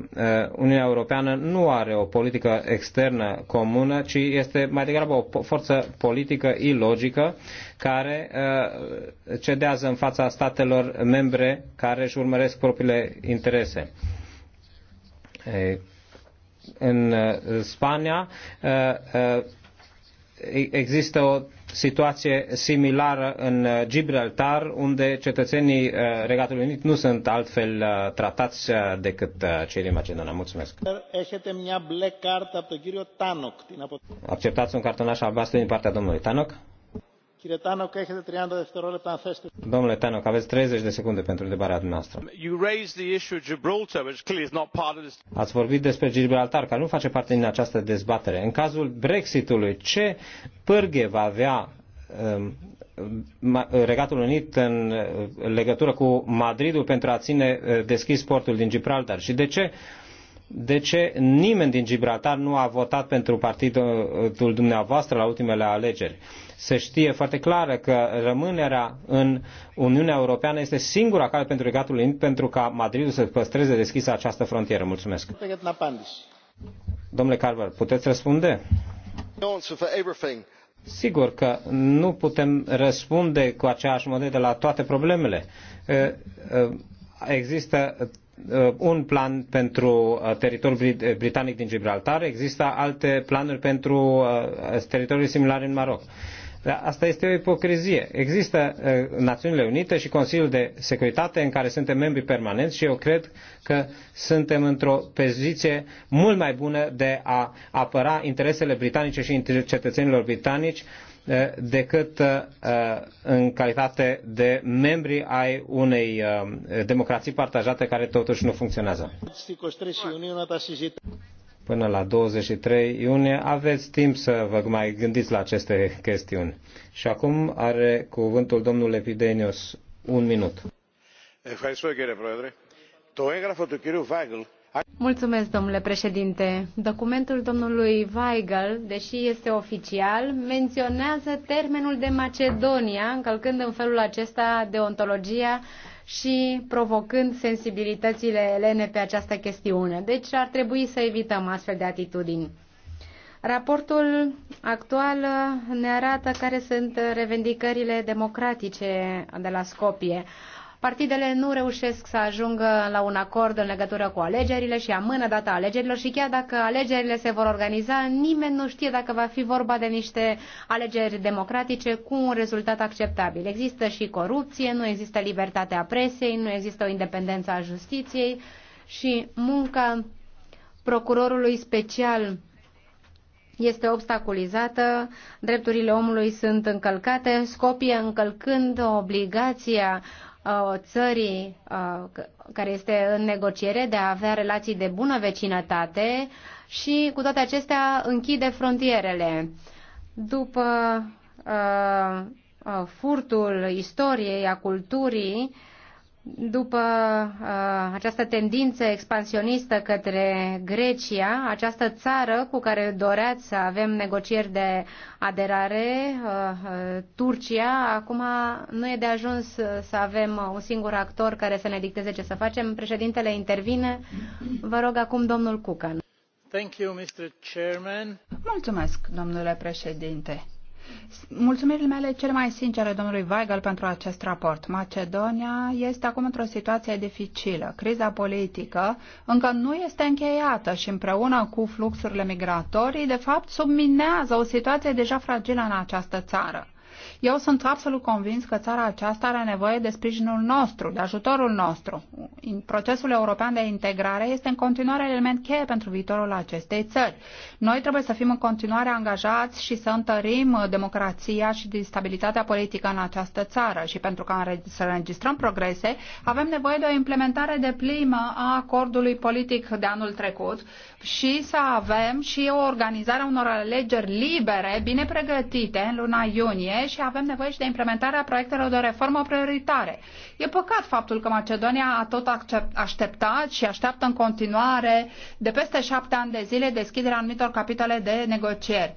Uniunea Europeană nu are o politică externă comună, ci este mai degrabă o forță politică ilogică care cedează în fața statelor membre care își urmăresc propriile interese în Spania există o situație similară în uh, Gibraltar, unde cetățenii uh, Regatului Unit nu sunt altfel uh, tratați decât cei din Macedonia. Mulțumesc. Acceptați un cartonaș albastru din partea domnului Tanok? Domnule Tanok, aveți 30 de secunde pentru întrebarea dumneavoastră. Ați vorbit despre Gibraltar, care nu face parte din această dezbatere. În cazul Brexitului, ce pârghe va avea um, Regatul Unit în uh, legătură cu Madridul pentru a ține uh, deschis portul din Gibraltar și de ce de ce nimeni din Gibraltar nu a votat pentru partidul dumneavoastră la ultimele alegeri. Se știe foarte clar că rămânerea în Uniunea Europeană este singura cale pentru Regatul Unit pentru ca Madridul să păstreze deschisă această frontieră. Mulțumesc. Domnule Carver, puteți răspunde? Sigur că nu putem răspunde cu aceeași monedă la toate problemele. Există Uh, un plan pentru uh, teritoriul britanic din Gibraltar, există alte planuri pentru uh, teritorii similare în Maroc. Dar asta este o ipocrizie. Există Națiunile Unite și Consiliul de Securitate în care suntem membri permanenți și eu cred că suntem într-o poziție mult mai bună de a apăra interesele britanice și cetățenilor britanici Eh, decât eh, eh, în calitate de membri ai unei democrații partajate care totuși nu funcționează. Până la 23 iunie aveți timp să vă mai gândiți la aceste chestiuni. Și acum are cuvântul domnul Epidenios un minut. Mulțumesc, domnule președinte. Το έγγραφο του κύριου Βάγκλ Mulțumesc, domnule președinte. Documentul domnului Weigel, deși este oficial, menționează termenul de Macedonia, încălcând în felul acesta deontologia și provocând sensibilitățile elene pe această chestiune. Deci ar trebui să evităm astfel de atitudini. Raportul actual ne arată care sunt revendicările democratice de la Scopie. Partidele nu reușesc să ajungă la un acord în legătură cu alegerile și amână data alegerilor și chiar dacă alegerile se vor organiza, nimeni nu știe dacă va fi vorba de niște alegeri democratice cu un rezultat acceptabil. Există și corupție, nu există libertatea presei, nu există o independență a justiției și munca procurorului special este obstaculizată, drepturile omului sunt încălcate, Scopie încălcând obligația Uh, țării uh, care este în negociere de a avea relații de bună vecinătate și cu toate acestea închide frontierele. După uh, furtul istoriei, a culturii, după uh, această tendință expansionistă către Grecia, această țară cu care doreați să avem negocieri de aderare, uh, uh, Turcia, acum nu e de ajuns să avem un singur actor care să ne dicteze ce să facem. Președintele intervine. Vă rog acum domnul Cucan. Thank you, Mr. Chairman. Mulțumesc, domnule președinte. Mulțumirile mele cele mai sincere domnului Weigel pentru acest raport. Macedonia este acum într-o situație dificilă. Criza politică încă nu este încheiată și împreună cu fluxurile migratorii, de fapt, subminează o situație deja fragilă în această țară. Eu sunt absolut convins că țara aceasta are nevoie de sprijinul nostru, de ajutorul nostru. Procesul european de integrare este în continuare element cheie pentru viitorul acestei țări. Noi trebuie să fim în continuare angajați și să întărim democrația și stabilitatea politică în această țară și pentru ca să înregistrăm progrese, avem nevoie de o implementare de plimă a acordului politic de anul trecut și să avem și o organizare a unor alegeri libere, bine pregătite în luna iunie și avem nevoie și de implementarea proiectelor de reformă prioritare. E păcat faptul că Macedonia a tot așteptat și așteaptă în continuare de peste șapte ani de zile deschiderea anumitor capitole de negocieri.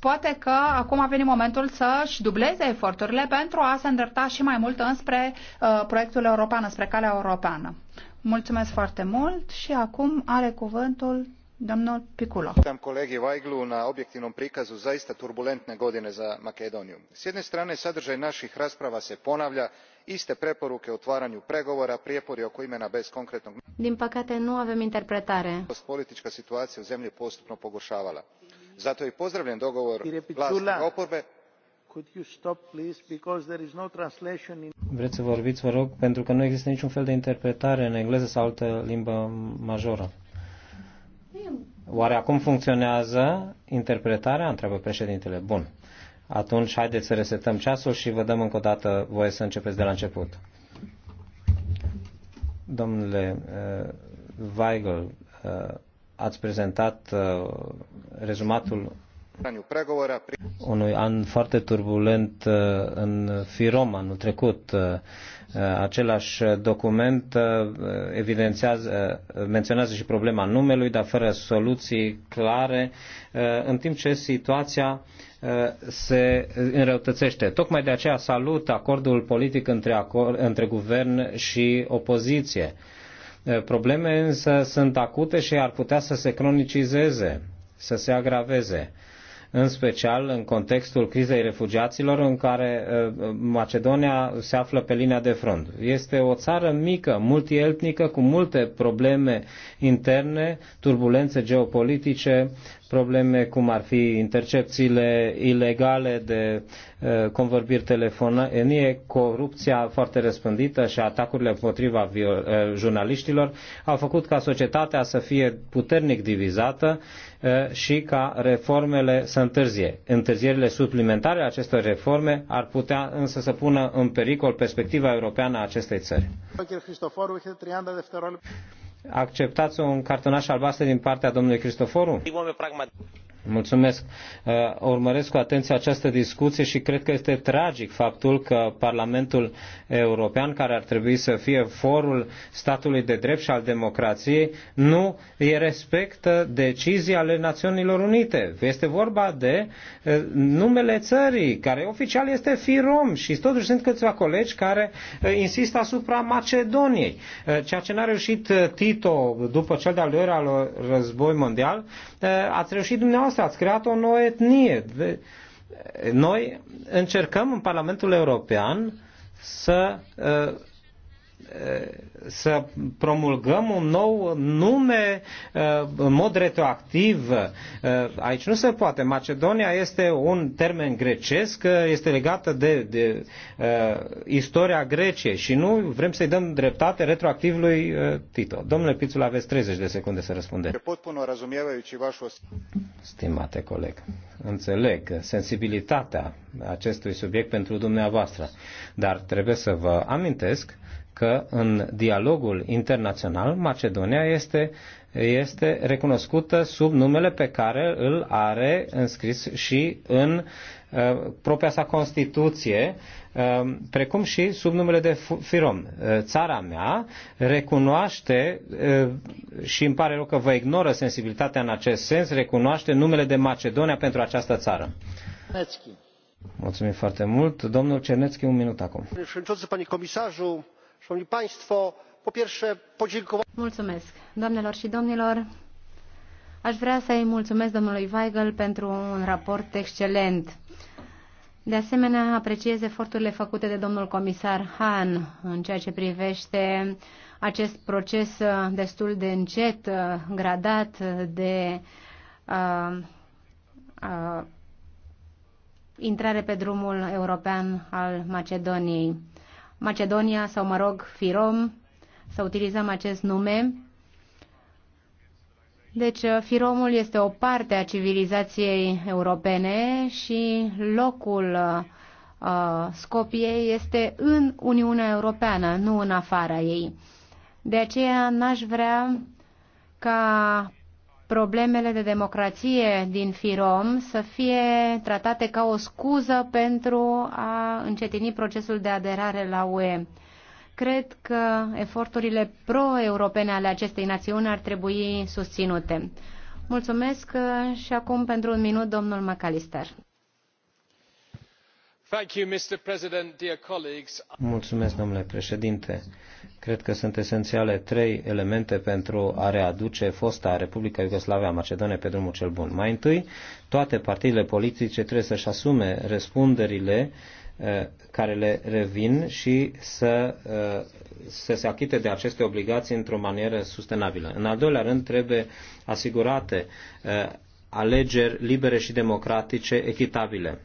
Poate că acum a venit momentul să-și dubleze eforturile pentru a se îndrepta și mai mult înspre uh, proiectul european, spre calea europeană. Mulțumesc foarte mult și acum are cuvântul Domnul Piculo. kolegi Vajglu na objektivnom prikazu zaista turbulentne godine za Makedoniju. S jedne strane, sadraj naih rasprava se ponavlja, iste preporuke o otvaranju pregovora, prijepori oko imena bez konkretnog... Din păcate, nu avem interpretare. ...politička situacija u zemlji postupno pogoravala. Zato i pozdravljam dogovor vlasti oporbe Vreți să vorbiți, vă rog, pentru că nu există niciun fel de interpretare în engleză sau altă limbă majoră. Oare acum funcționează interpretarea? Întreabă președintele. Bun. Atunci haideți să resetăm ceasul și vă dăm încă o dată voie să începeți de la început. Domnule uh, Weigel, uh, ați prezentat uh, rezumatul unui an foarte turbulent uh, în Firom anul trecut. Uh, Uh, același document uh, evidențează, uh, menționează și problema numelui, dar fără soluții clare, în timp ce situația se înrăutățește. Tocmai de aceea salut acordul politic între, acord, între guvern și opoziție. Probleme însă sunt acute și ar putea să se cronicizeze, să se agraveze în special în contextul crizei refugiaților în care uh, Macedonia se află pe linia de front. Este o țară mică, multietnică, cu multe probleme interne, turbulențe geopolitice, probleme cum ar fi intercepțiile ilegale de uh, convorbiri telefonie, corupția foarte răspândită și atacurile împotriva uh, jurnaliștilor, au făcut ca societatea să fie puternic divizată și ca reformele să întârzie. Întârzierile suplimentare ale acestor reforme ar putea însă să pună în pericol perspectiva europeană a acestei țări. Acceptați un cartonaș albastru din partea domnului Cristoforu? Mulțumesc. Uh, urmăresc cu atenție această discuție și cred că este tragic faptul că Parlamentul European, care ar trebui să fie forul statului de drept și al democrației, nu îi respectă decizii ale Națiunilor Unite. Este vorba de uh, numele țării, care oficial este FIROM și totuși sunt câțiva colegi care uh, insistă asupra Macedoniei. Ceea ce n-a reușit Tito după cel de-al doilea război mondial, ați reușit dumneavoastră dumneavoastră ați creat o nouă etnie. De... Noi încercăm în Parlamentul European să uh, să promulgăm un nou nume uh, în mod retroactiv. Uh, aici nu se poate. Macedonia este un termen grecesc, uh, este legată de, de istoria Greciei și nu vrem să-i dăm dreptate retroactiv lui Tito. Domnule Pițul, aveți 30 de secunde să răspundeți. Stimate coleg, înțeleg sensibilitatea acestui subiect pentru dumneavoastră, dar trebuie să vă amintesc că în dialogul internațional Macedonia este, este recunoscută sub numele pe care îl are înscris și în uh, propria sa Constituție, uh, precum și sub numele de Firom. Uh, țara mea recunoaște uh, și îmi pare rău că vă ignoră sensibilitatea în acest sens, recunoaște numele de Macedonia pentru această țară. Mulțumim foarte mult. Domnul Cernețchi, un minut acum. Panie Przewodniczący, domnule Komisarzu, Mulțumesc. Doamnelor și domnilor, aș vrea să îi mulțumesc domnului Weigel pentru un raport excelent. De asemenea, apreciez eforturile făcute de domnul comisar Han în ceea ce privește acest proces destul de încet, gradat de uh, uh, intrare pe drumul european al Macedoniei. Macedonia sau, mă rog, Firom, să utilizăm acest nume. Deci, uh, Firomul este o parte a civilizației europene și locul uh, uh, Scopiei este în Uniunea Europeană, nu în afara ei. De aceea n-aș vrea ca problemele de democrație din FIROM să fie tratate ca o scuză pentru a încetini procesul de aderare la UE. Cred că eforturile pro-europene ale acestei națiuni ar trebui susținute. Mulțumesc și acum pentru un minut domnul McAllister. Mulțumesc, domnule președinte. Cred că sunt esențiale trei elemente pentru a readuce fosta Republica a Macedoniei pe drumul cel bun. Mai întâi, toate partidele politice trebuie să își asume răspunderile eh, care le revin și să, eh, să se achite de aceste obligații într-o manieră sustenabilă. În al doilea rând, trebuie asigurate eh, alegeri libere și democratice echitabile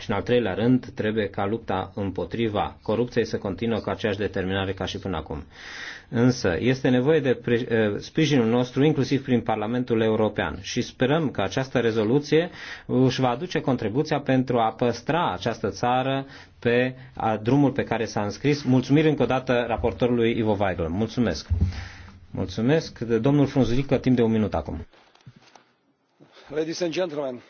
și în al treilea rând, trebuie ca lupta împotriva corupției să continuă cu aceeași determinare ca și până acum. Însă, este nevoie de eh, sprijinul nostru, inclusiv prin Parlamentul European, și sperăm că această rezoluție își va aduce contribuția pentru a păstra această țară pe drumul pe care s-a înscris. Mulțumiri încă o dată raportorului Ivo Weigl. Mulțumesc. Mulțumesc. Domnul Frunzulică, timp de un minut acum. Ladies and gentlemen,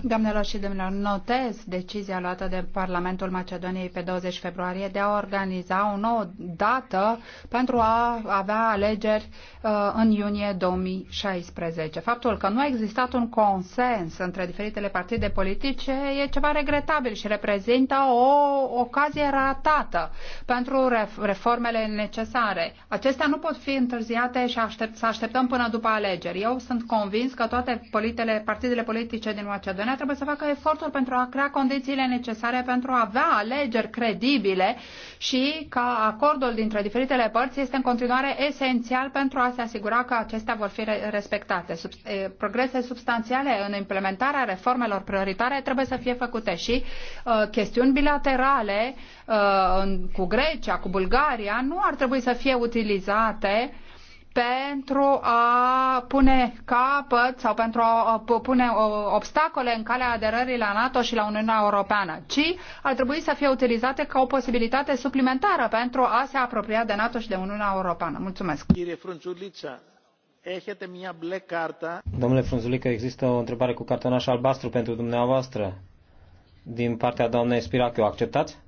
Doamnelor și domnilor, notez decizia luată de Parlamentul Macedoniei pe 20 februarie de a organiza o nouă dată pentru a avea alegeri uh, în iunie 2016. Faptul că nu a existat un consens între diferitele partide politice e ceva regretabil și reprezintă o ocazie ratată pentru reformele necesare. Acestea nu pot fi întârziate și aștept, să așteptăm până după alegeri. Eu sunt convins că toate politele, partidele partidele politice din Macedonia trebuie să facă eforturi pentru a crea condițiile necesare pentru a avea alegeri credibile și ca acordul dintre diferitele părți este în continuare esențial pentru a se asigura că acestea vor fi respectate. Progrese substanțiale în implementarea reformelor prioritare trebuie să fie făcute și e, chestiuni bilaterale uh, cu Grecia, cu Bulgaria nu ar trebui să fie utilizate pentru a pune capăt sau pentru a pune obstacole în calea aderării la NATO și la Uniunea Europeană, ci ar trebui să fie utilizate ca o posibilitate suplimentară pentru a se apropia de NATO și de Uniunea Europeană. Mulțumesc. Domnule Frunzulică, există o întrebare cu cartonaș albastru pentru dumneavoastră din partea doamnei Spirache. O acceptați?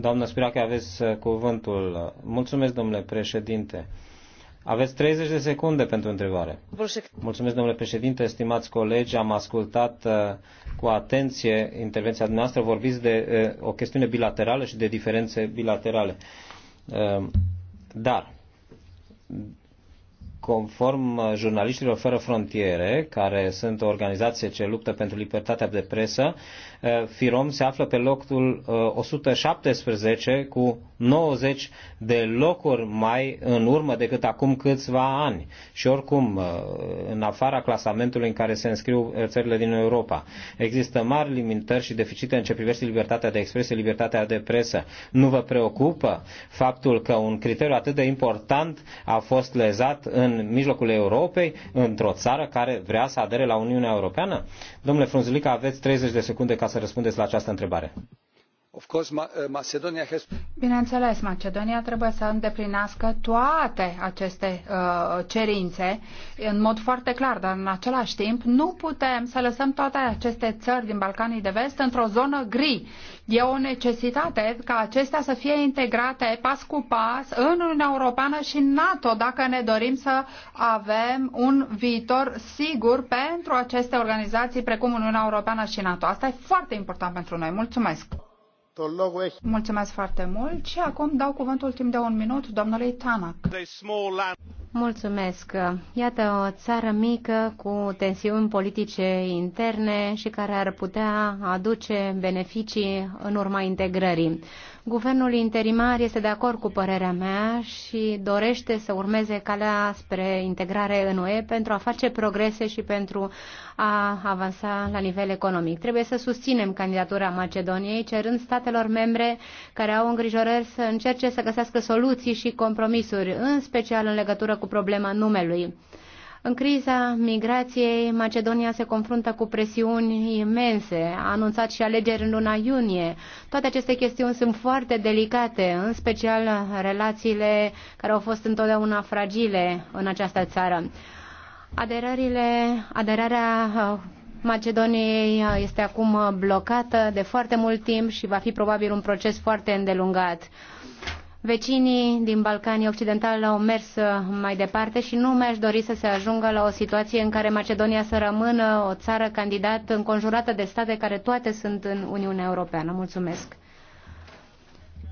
Doamnă Spirache, aveți uh, cuvântul. Mulțumesc, domnule președinte. Aveți 30 de secunde pentru întrebare. Mulțumesc, domnule președinte, stimați colegi, am ascultat uh, cu atenție intervenția dumneavoastră. Vorbiți de uh, o chestiune bilaterală și de diferențe bilaterale. Uh, dar conform uh, jurnaliștilor fără frontiere, care sunt o organizație ce luptă pentru libertatea de presă, uh, Firom se află pe locul 117 uh, cu 90 de locuri mai în urmă decât acum câțiva ani. Și oricum, în afara clasamentului în care se înscriu țările din Europa. Există mari limitări și deficite în ce privește libertatea de expresie, libertatea de presă. Nu vă preocupă faptul că un criteriu atât de important a fost lezat în mijlocul Europei, într-o țară care vrea să adere la Uniunea Europeană? Domnule Frunzulica, aveți 30 de secunde ca să răspundeți la această întrebare. Uh, Bineînțeles, Macedonia trebuie să îndeplinească toate aceste uh, cerințe în mod foarte clar, dar în același timp nu putem să lăsăm toate aceste țări din Balcanii de Vest într-o zonă gri. E o necesitate ca acestea să fie integrate pas cu pas în Uniunea Europeană și în NATO dacă ne dorim să avem un viitor sigur pentru aceste organizații precum Uniunea Europeană și NATO. Asta e foarte important pentru noi. Mulțumesc! Mulțumesc foarte mult și acum dau cuvântul timp de un minut domnului Tanak. Mulțumesc. Iată o țară mică cu tensiuni politice interne și care ar putea aduce beneficii în urma integrării. Guvernul interimar este de acord cu părerea mea și dorește să urmeze calea spre integrare în UE pentru a face progrese și pentru a avansa la nivel economic. Trebuie să susținem candidatura Macedoniei, cerând statelor membre care au îngrijorări să încerce să găsească soluții și compromisuri, în special în legătură cu problema numelui. În criza migrației, Macedonia se confruntă cu presiuni imense. A anunțat și alegeri în luna iunie. Toate aceste chestiuni sunt foarte delicate, în special relațiile care au fost întotdeauna fragile în această țară. Aderările, aderarea uh, Macedoniei uh, este acum blocată de foarte mult timp și va fi probabil un proces foarte îndelungat. Vecinii din Balcanii Occidentali au mers uh, mai departe și nu mi-aș dori să se ajungă la o situație în care Macedonia să rămână o țară candidat înconjurată de state care toate sunt în Uniunea Europeană. Mulțumesc.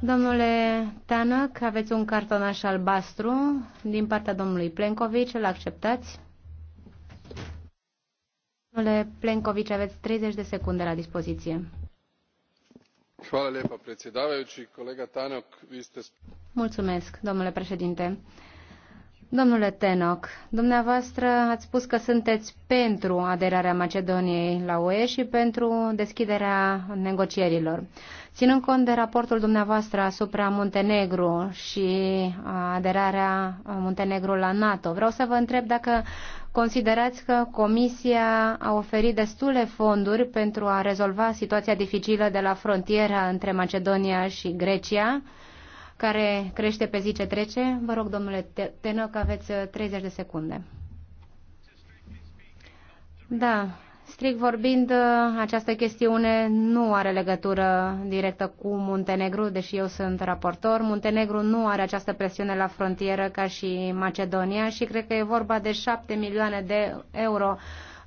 Domnule Tanăc, aveți un cartonaș albastru din partea domnului Plencovici. Îl acceptați? Domnule Plencovici, aveți 30 de secunde la dispoziție. Mulțumesc, domnule președinte. Domnule tannock dumneavoastră ați spus că sunteți pentru aderarea Macedoniei la UE și pentru deschiderea negocierilor. Ținând cont de raportul dumneavoastră asupra Muntenegru și aderarea Muntenegru la NATO, vreau să vă întreb dacă Considerați că Comisia a oferit destule fonduri pentru a rezolva situația dificilă de la frontiera între Macedonia și Grecia, care crește pe zi ce trece? Vă rog, domnule Tenă, că aveți 30 de secunde. Da, Strict vorbind, această chestiune nu are legătură directă cu Muntenegru, deși eu sunt raportor. Muntenegru nu are această presiune la frontieră ca și Macedonia și cred că e vorba de 7 milioane de euro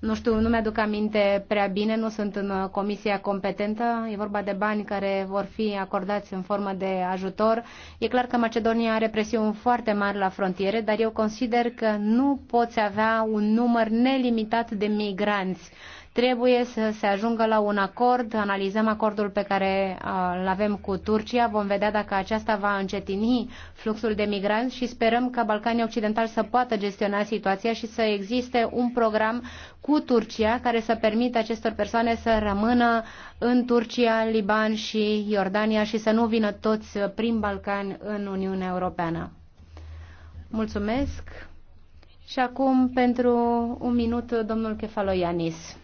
nu știu, nu mi-aduc aminte prea bine, nu sunt în uh, comisia competentă, e vorba de bani care vor fi acordați în formă de ajutor. E clar că Macedonia are presiuni foarte mari la frontiere, dar eu consider că nu poți avea un număr nelimitat de migranți Trebuie să se ajungă la un acord, analizăm acordul pe care îl avem cu Turcia, vom vedea dacă aceasta va încetini fluxul de migranți și sperăm ca Balcanii Occidentali să poată gestiona situația și să existe un program cu Turcia care să permită acestor persoane să rămână în Turcia, Liban și Iordania și să nu vină toți prin Balcani în Uniunea Europeană. Mulțumesc. Și acum, pentru un minut, domnul Kefaloianis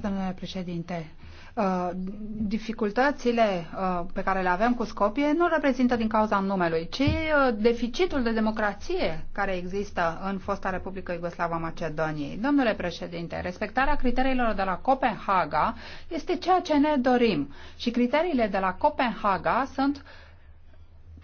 domnule președinte. Uh, dificultățile uh, pe care le avem cu skopje nu reprezintă din cauza numelui, ci uh, deficitul de democrație care există în fosta Republică a Macedoniei. Domnule președinte, respectarea criteriilor de la Copenhaga este ceea ce ne dorim și criteriile de la Copenhaga sunt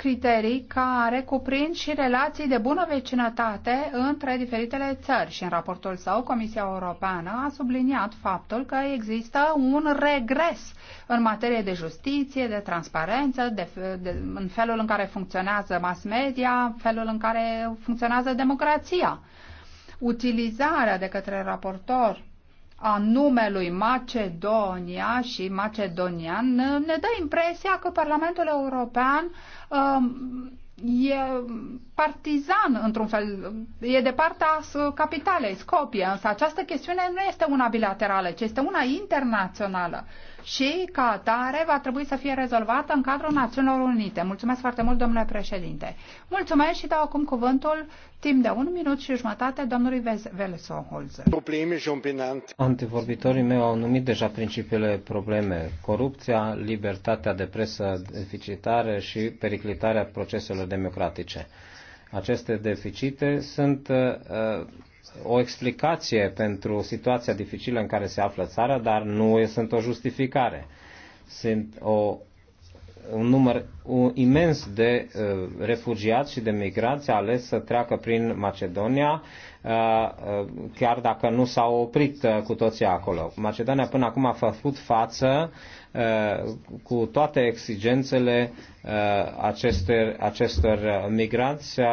criterii care cuprind și relații de bună vecinătate între diferitele țări și în raportul său Comisia Europeană a subliniat faptul că există un regres în materie de justiție, de transparență, de, de, în felul în care funcționează mass media, în felul în care funcționează democrația. Utilizarea de către raportor a numelui Macedonia și macedonian ne dă impresia că Parlamentul European um, e partizan într-un fel, e de partea capitalei, Scopie, însă această chestiune nu este una bilaterală, ci este una internațională și ca atare va trebui să fie rezolvată în cadrul Națiunilor Unite. Mulțumesc foarte mult, domnule președinte. Mulțumesc și dau acum cuvântul timp de un minut și jumătate domnului Velsoholzer. Antevorbitorii mei au numit deja principiile probleme. Corupția, libertatea de presă deficitare și periclitarea proceselor democratice. Aceste deficite sunt uh, o explicație pentru situația dificilă în care se află țara, dar nu sunt o justificare. Sunt o, un număr un, imens de uh, refugiați și de migranți ales să treacă prin Macedonia, uh, uh, chiar dacă nu s-au oprit uh, cu toții acolo. Macedonia până acum a făcut față uh, cu toate exigențele uh, acestor, acestor uh, migranți. Uh,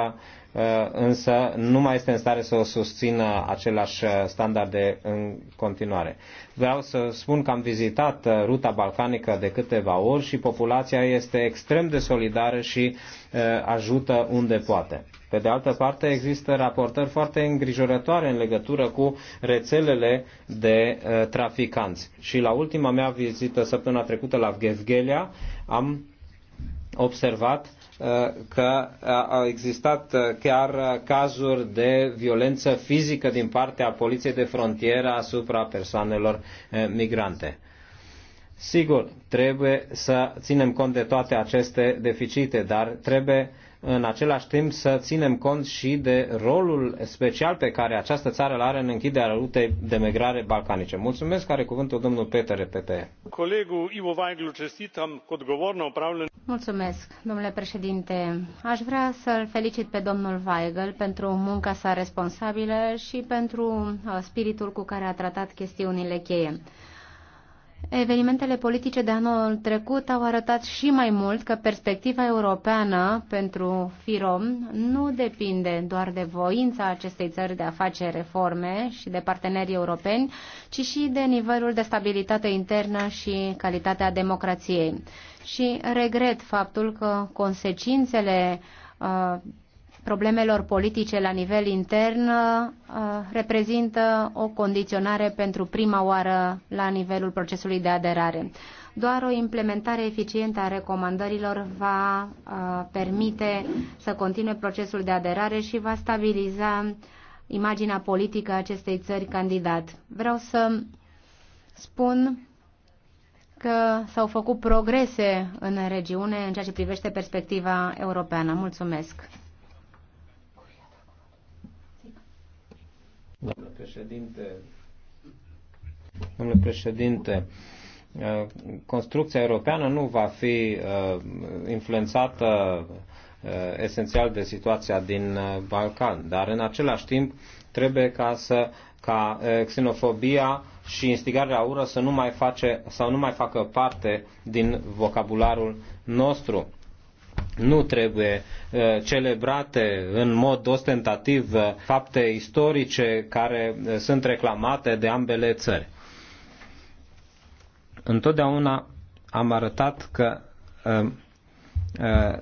Uh, însă nu mai este în stare să o susțină același uh, standarde în continuare. Vreau să spun că am vizitat uh, ruta balcanică de câteva ori și populația este extrem de solidară și ajută unde poate. Pe de altă parte, există raportări foarte îngrijorătoare în legătură cu rețelele de traficanți. Și la ultima mea vizită săptămâna trecută la Gevgelia am observat Uh, că au existat uh, chiar uh, cazuri de violență fizică din partea poliției de frontieră asupra persoanelor migrante. Sigur, trebuie să ținem cont de toate aceste deficite, dar trebuie uh, în același timp să ținem cont și de rolul special pe care această țară îl are în închiderea rutei de migrare balcanice. Mulțumesc, are cuvântul domnul Peter Pete. Colegul Ivo Vaiglu, cestit, am odgovorno Mulțumesc, domnule președinte. Aș vrea să-l felicit pe domnul Weigel pentru munca sa responsabilă și pentru uh, spiritul cu care a tratat chestiunile cheie. Evenimentele politice de anul trecut au arătat și mai mult că perspectiva europeană pentru FIROM nu depinde doar de voința acestei țări de a face reforme și de partenerii europeni, ci și de nivelul de stabilitate internă și calitatea democrației. Și regret faptul că consecințele uh, problemelor politice la nivel intern uh, reprezintă o condiționare pentru prima oară la nivelul procesului de aderare. Doar o implementare eficientă a recomandărilor va uh, permite să continue procesul de aderare și va stabiliza imaginea politică a acestei țări candidat. Vreau să spun că s-au făcut progrese în regiune în ceea ce privește perspectiva europeană. Mulțumesc! Domnule președinte, domnule președinte, uh, construcția europeană nu va fi uh, influențată uh, esențial de situația din Balcan, dar în același timp trebuie ca să ca xenofobia și instigarea ură să nu mai face sau nu mai facă parte din vocabularul nostru nu trebuie uh, celebrate în mod ostentativ uh, fapte istorice care uh, sunt reclamate de ambele țări. Întotdeauna am arătat că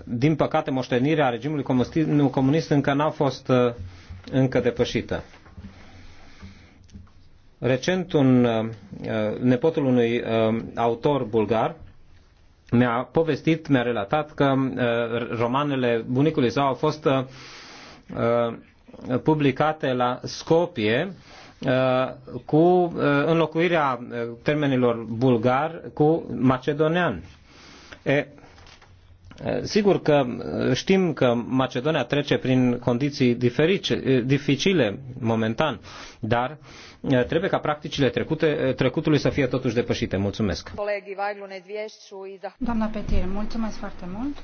din păcate moștenirea regimului comunist încă n-a fost încă depășită. Recent un nepotul unui autor bulgar mi-a povestit, mi-a relatat că uh, romanele bunicului său au fost uh, uh, publicate la Scopie cu înlocuirea termenilor bulgar cu macedonean. E, Sigur că știm că Macedonia trece prin condiții diferice, dificile momentan, dar Eh, trebuie ca practicile trecute, eh, trecutului să fie totuși depășite. Mulțumesc. Doamna Petir, mulțumesc foarte mult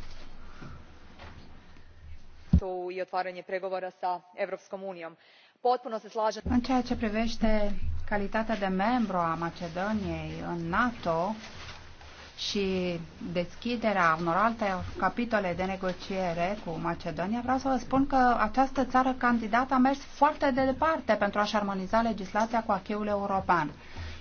i otvaranje pregovora s europskom unijom. potpuno se slažem. în ceea ce privește calitatea de membru a macedoniei în nato și deschiderea unor alte capitole de negociere cu Macedonia, vreau să vă spun că această țară candidată a mers foarte de departe pentru a-și armoniza legislația cu acheul european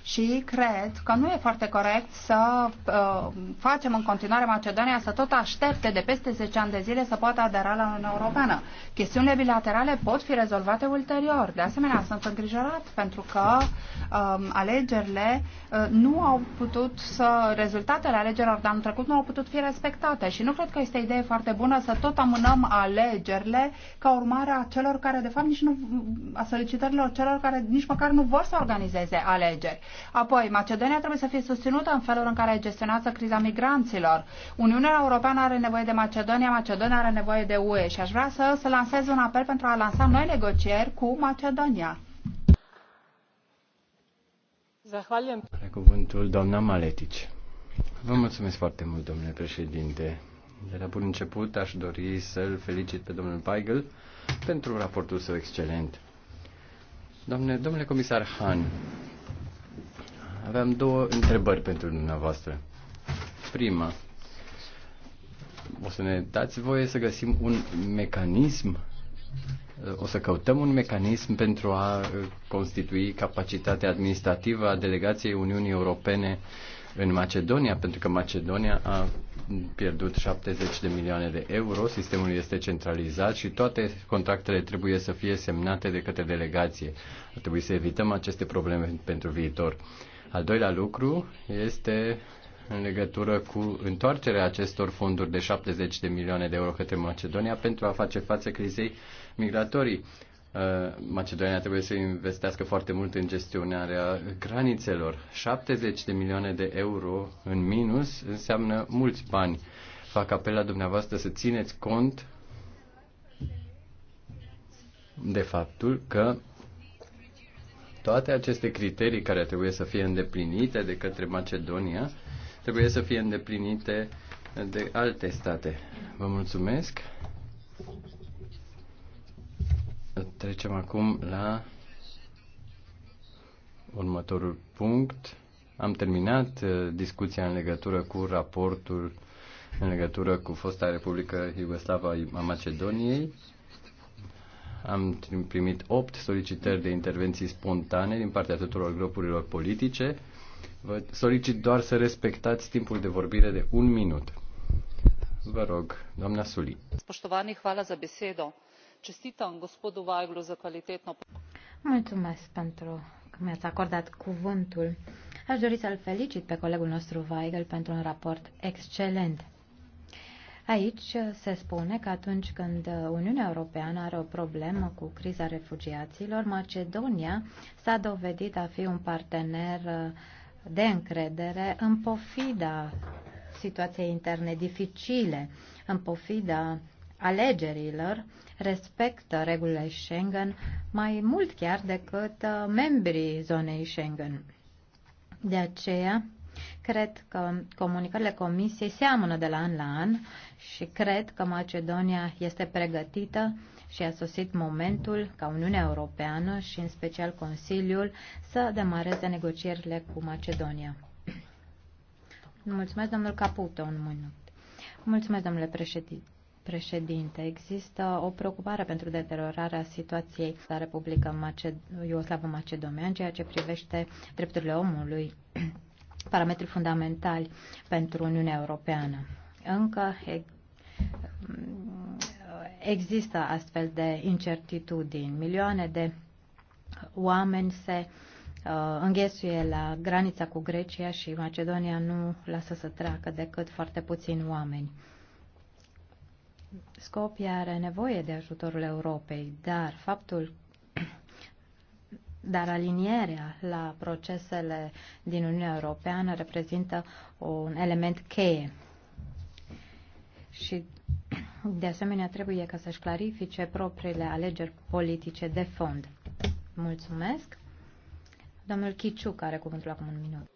și cred că nu e foarte corect să uh, facem în continuare Macedonia să tot aștepte de peste 10 ani de zile să poată adera la Uniunea Europeană. Chestiunile bilaterale pot fi rezolvate ulterior. De asemenea, sunt îngrijorat pentru că uh, alegerile uh, nu au putut să, rezultatele alegerilor de anul trecut nu au putut fi respectate și nu cred că este idee foarte bună să tot amânăm alegerile ca urmare a celor care, de fapt, nici nu, a solicitărilor celor care nici măcar nu vor să organizeze alegeri. Apoi, Macedonia trebuie să fie susținută în felul în care gestionează criza migranților. Uniunea Europeană are nevoie de Macedonia, Macedonia are nevoie de UE și aș vrea să, să lansez un apel pentru a lansa noi negocieri cu Macedonia. Pe cuvântul doamna Maletici. Vă mulțumesc foarte mult, domnule președinte. De la bun început aș dori să-l felicit pe domnul Weigel pentru raportul său excelent. Domnule, domnule comisar Han, Aveam două întrebări pentru dumneavoastră. Prima, o să ne dați voie să găsim un mecanism, o să căutăm un mecanism pentru a uh, constitui capacitatea administrativă a delegației Uniunii Europene în Macedonia, pentru că Macedonia a pierdut 70 de milioane de euro, sistemul este centralizat și toate contractele trebuie să fie semnate de către delegație. Trebuie să evităm aceste probleme pentru viitor. Al doilea lucru este în legătură cu întoarcerea acestor fonduri de 70 de milioane de euro către Macedonia pentru a face față crizei migratorii. Uh, Macedonia trebuie să investească foarte mult în gestionarea granițelor. 70 de milioane de euro în minus înseamnă mulți bani. Fac apel la dumneavoastră să țineți cont de faptul că toate aceste criterii care trebuie să fie îndeplinite de către Macedonia trebuie să fie îndeplinite de alte state. Vă mulțumesc. Trecem acum la următorul punct. Am terminat uh, discuția în legătură cu raportul în legătură cu fosta Republică Iugoslavă a Macedoniei. Am primit 8 solicitări de intervenții spontane din partea tuturor grupurilor politice. Vă solicit doar să respectați timpul de vorbire de un minut. Vă rog, doamna Suli. Spoștovani, hvala za besedo. Cestitam gospodu Vajglu za calitetno... Mulțumesc pentru că mi-ați acordat cuvântul. Aș dori să-l felicit pe colegul nostru Weigel pentru un raport excelent. Aici se spune că atunci când Uniunea Europeană are o problemă cu criza refugiaților, Macedonia s-a dovedit a fi un partener de încredere în pofida situației interne dificile, în pofida alegerilor, respectă regulile Schengen mai mult chiar decât membrii zonei Schengen. De aceea, Cred că comunicările Comisiei seamănă de la an la an și cred că Macedonia este pregătită și a sosit momentul ca Uniunea Europeană și în special Consiliul să demareze negocierile cu Macedonia. Mulțumesc, domnul Caputo, un minut. Mulțumesc, domnule președinte președinte. Există o preocupare pentru deteriorarea situației la Republica Maced- Iugoslavă Macedonia în ceea ce privește drepturile omului parametri fundamentali pentru Uniunea Europeană. Încă există astfel de incertitudini. Milioane de oameni se uh, înghesuie la granița cu Grecia și Macedonia nu lasă să treacă decât foarte puțini oameni. Scopia are nevoie de ajutorul Europei, dar faptul dar alinierea la procesele din Uniunea Europeană reprezintă un element cheie. Și de asemenea trebuie ca să-și clarifice propriile alegeri politice de fond. Mulțumesc. Domnul Chiciuc are cuvântul acum un minut.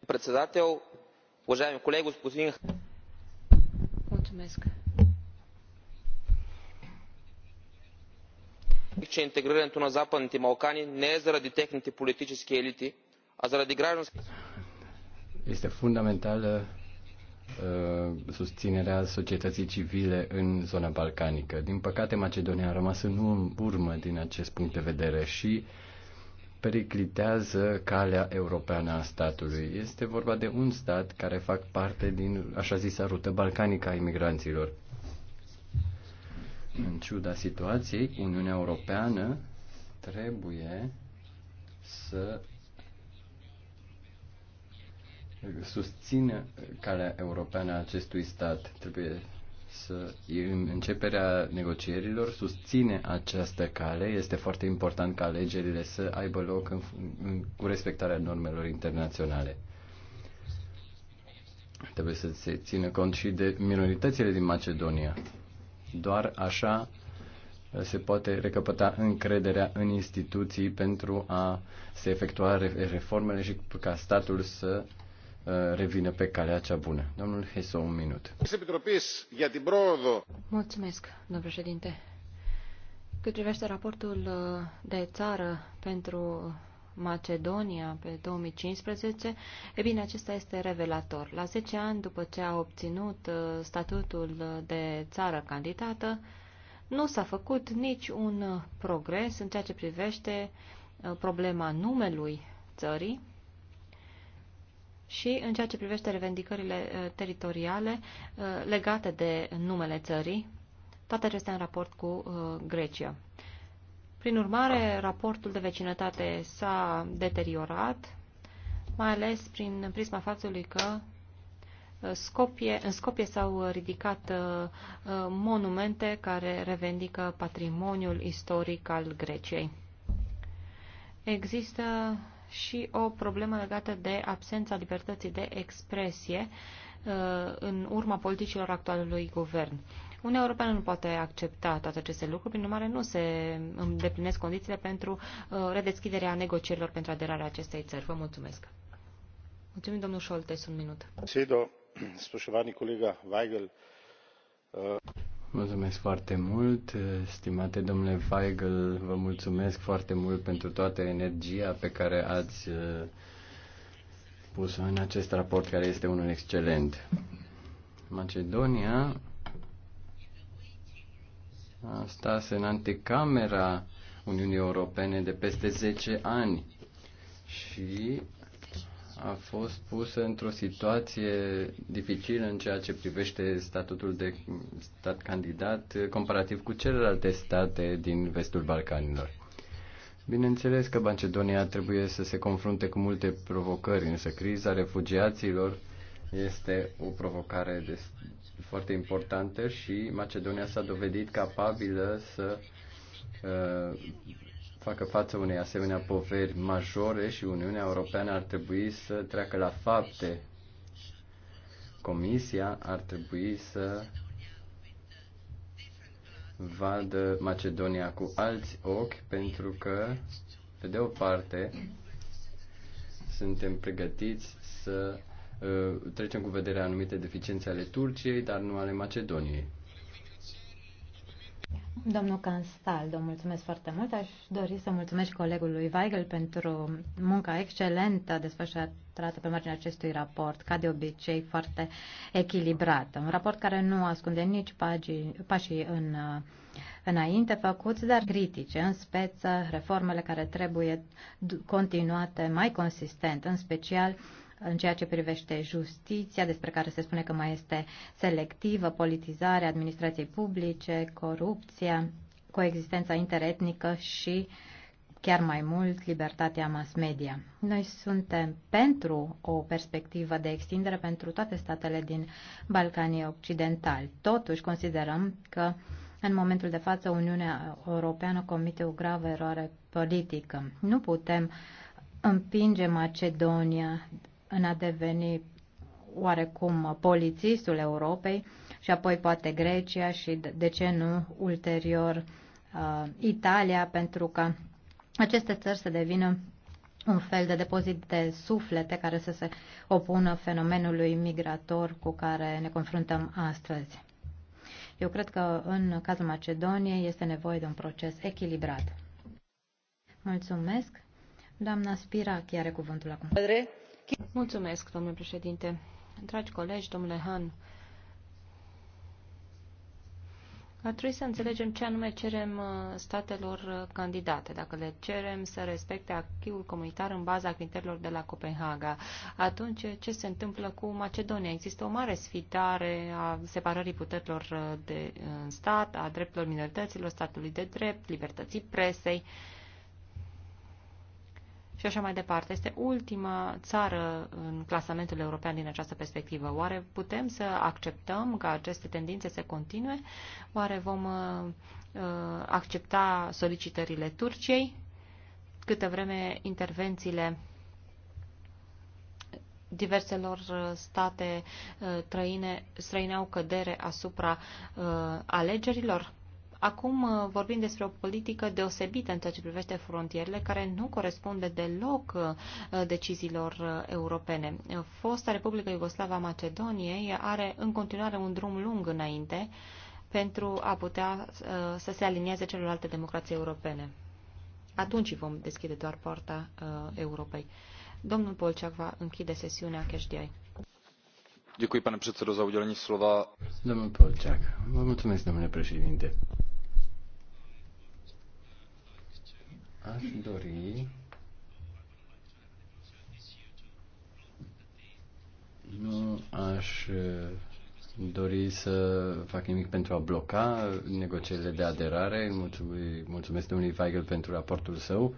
Mulțumesc. în na zapadnim nu ne zaradi tehnite političke elite a zaradi građanske este fundamentală uh, susținerea societății civile în zona balcanică. Din păcate, Macedonia a rămas în urmă din acest punct de vedere și periclitează calea europeană a statului. Este vorba de un stat care fac parte din așa zisa rută balcanică a imigranților. În ciuda situației, Uniunea Europeană trebuie să susțină calea europeană a acestui stat. Trebuie să în începerea negocierilor susține această cale. Este foarte important ca alegerile să aibă loc în, în, cu respectarea normelor internaționale. Trebuie să se țină cont și de minoritățile din Macedonia. Doar așa uh, se poate recăpăta încrederea în instituții pentru a se efectua reformele și ca statul să uh, revină pe calea cea bună. Domnul Heso, un minut. Mulțumesc, domnul președinte. Cât privește raportul uh, de țară pentru Macedonia pe 2015, e bine, acesta este revelator. La 10 ani după ce a obținut uh, statutul de țară candidată, nu s-a făcut nici un uh, progres în ceea ce privește uh, problema numelui țării și în ceea ce privește revendicările teritoriale legate de numele țării, toate acestea în raport cu Grecia. Prin urmare, raportul de vecinătate s-a deteriorat, mai ales prin prisma faptului că uh, Scopie, în Scopie s-au ridicat uh, uh, monumente care revendică patrimoniul istoric al Greciei. Există și o problemă legată de absența libertății de expresie în urma politicilor actualului guvern. Uniunea Europeană nu poate accepta toate aceste lucruri, prin urmare nu se îndeplinesc condițiile pentru uh, redeschiderea negocierilor pentru aderarea acestei țări. Vă mulțumesc. Mulțumim, domnul Șolte, un minut. colega Weigel. Uh, mulțumesc foarte mult, uh, stimate domnule Weigel, vă mulțumesc foarte mult pentru toată energia pe care ați pus în acest raport, care este unul excelent. Macedonia Asta se în antecamera Uniunii Europene de peste 10 ani și a fost pusă într-o situație dificilă în ceea ce privește statutul de stat candidat comparativ cu celelalte state din vestul Balcanilor. Bineînțeles că Macedonia trebuie să se confrunte cu multe provocări, însă criza refugiaților este o provocare foarte importantă și Macedonia s-a dovedit capabilă să uh, facă față unei asemenea poveri majore și Uniunea Europeană ar trebui să treacă la fapte. Comisia ar trebui să vadă Macedonia cu alți ochi pentru că, pe de o parte, suntem pregătiți să Ă, trecem cu vedere anumite deficiențe ale Turciei, dar nu ale Macedoniei. Domnul Canstaldo, mulțumesc foarte mult. Aș dori să mulțumesc și colegului Weigel pentru munca excelentă desfășurată pe marginea acestui raport, ca de obicei foarte echilibrată. Un raport care nu ascunde nici pagini, pașii în, înainte făcuți, dar critice, în speță reformele care trebuie continuate mai consistent, în special uh, în ceea ce privește justiția, despre care se spune că mai este selectivă, politizarea administrației publice, corupția, coexistența interetnică și chiar mai mult libertatea mass media. Noi suntem pentru o perspectivă de extindere pentru toate statele din Balcanii Occidentali. Totuși considerăm că în momentul de față Uniunea Europeană comite o gravă eroare politică. Nu putem împinge Macedonia în a deveni oarecum polițistul Europei și apoi poate Grecia și, de ce nu, ulterior uh, Italia, pentru că aceste țări să devină un fel de depozit de suflete care să se opună fenomenului migrator cu care ne confruntăm astăzi. Eu cred că în cazul Macedoniei este nevoie de un proces echilibrat. Mulțumesc. Doamna Spira, chiar are cuvântul acum. Mulțumesc, domnule președinte. Dragi colegi, domnule Han, ar trebui să înțelegem ce anume cerem uh, statelor uh, candidate, dacă le cerem să respecte acquis comunitar în baza criteriilor de la Copenhaga. Atunci, ce se întâmplă cu Macedonia? Există o mare sfidare a separării puterilor uh, de stat, a drepturilor minorităților, statului de drept, libertății presei. Uh, și așa mai departe. Este ultima țară în clasamentul european din această perspectivă. Oare putem să acceptăm ca aceste tendințe se continue? Oare vom uh, uh, accepta solicitările Turciei? Câtă vreme intervențiile diverselor uh, state trăine, străine au cădere asupra alegerilor? Acum uh, vorbim despre o politică deosebită în ceea ce privește frontierele, care nu corespunde deloc uh, deciziilor uh, europene. Fosta Republică Iugoslava Macedoniei are în continuare un drum lung înainte pentru a putea să se alinieze celorlalte democrații europene. Atunci vom deschide doar poarta uh, Europei. Domnul Polceac va închide sesiunea CashDI. Děkuji, pane předsedo, za udělení slova. Domnul Polciac, vă mulțumesc, domnule președinte. Aș dori nu aș dori să fac nimic pentru a bloca negocierile de aderare. Mulțumesc domnului Weigel pentru raportul său.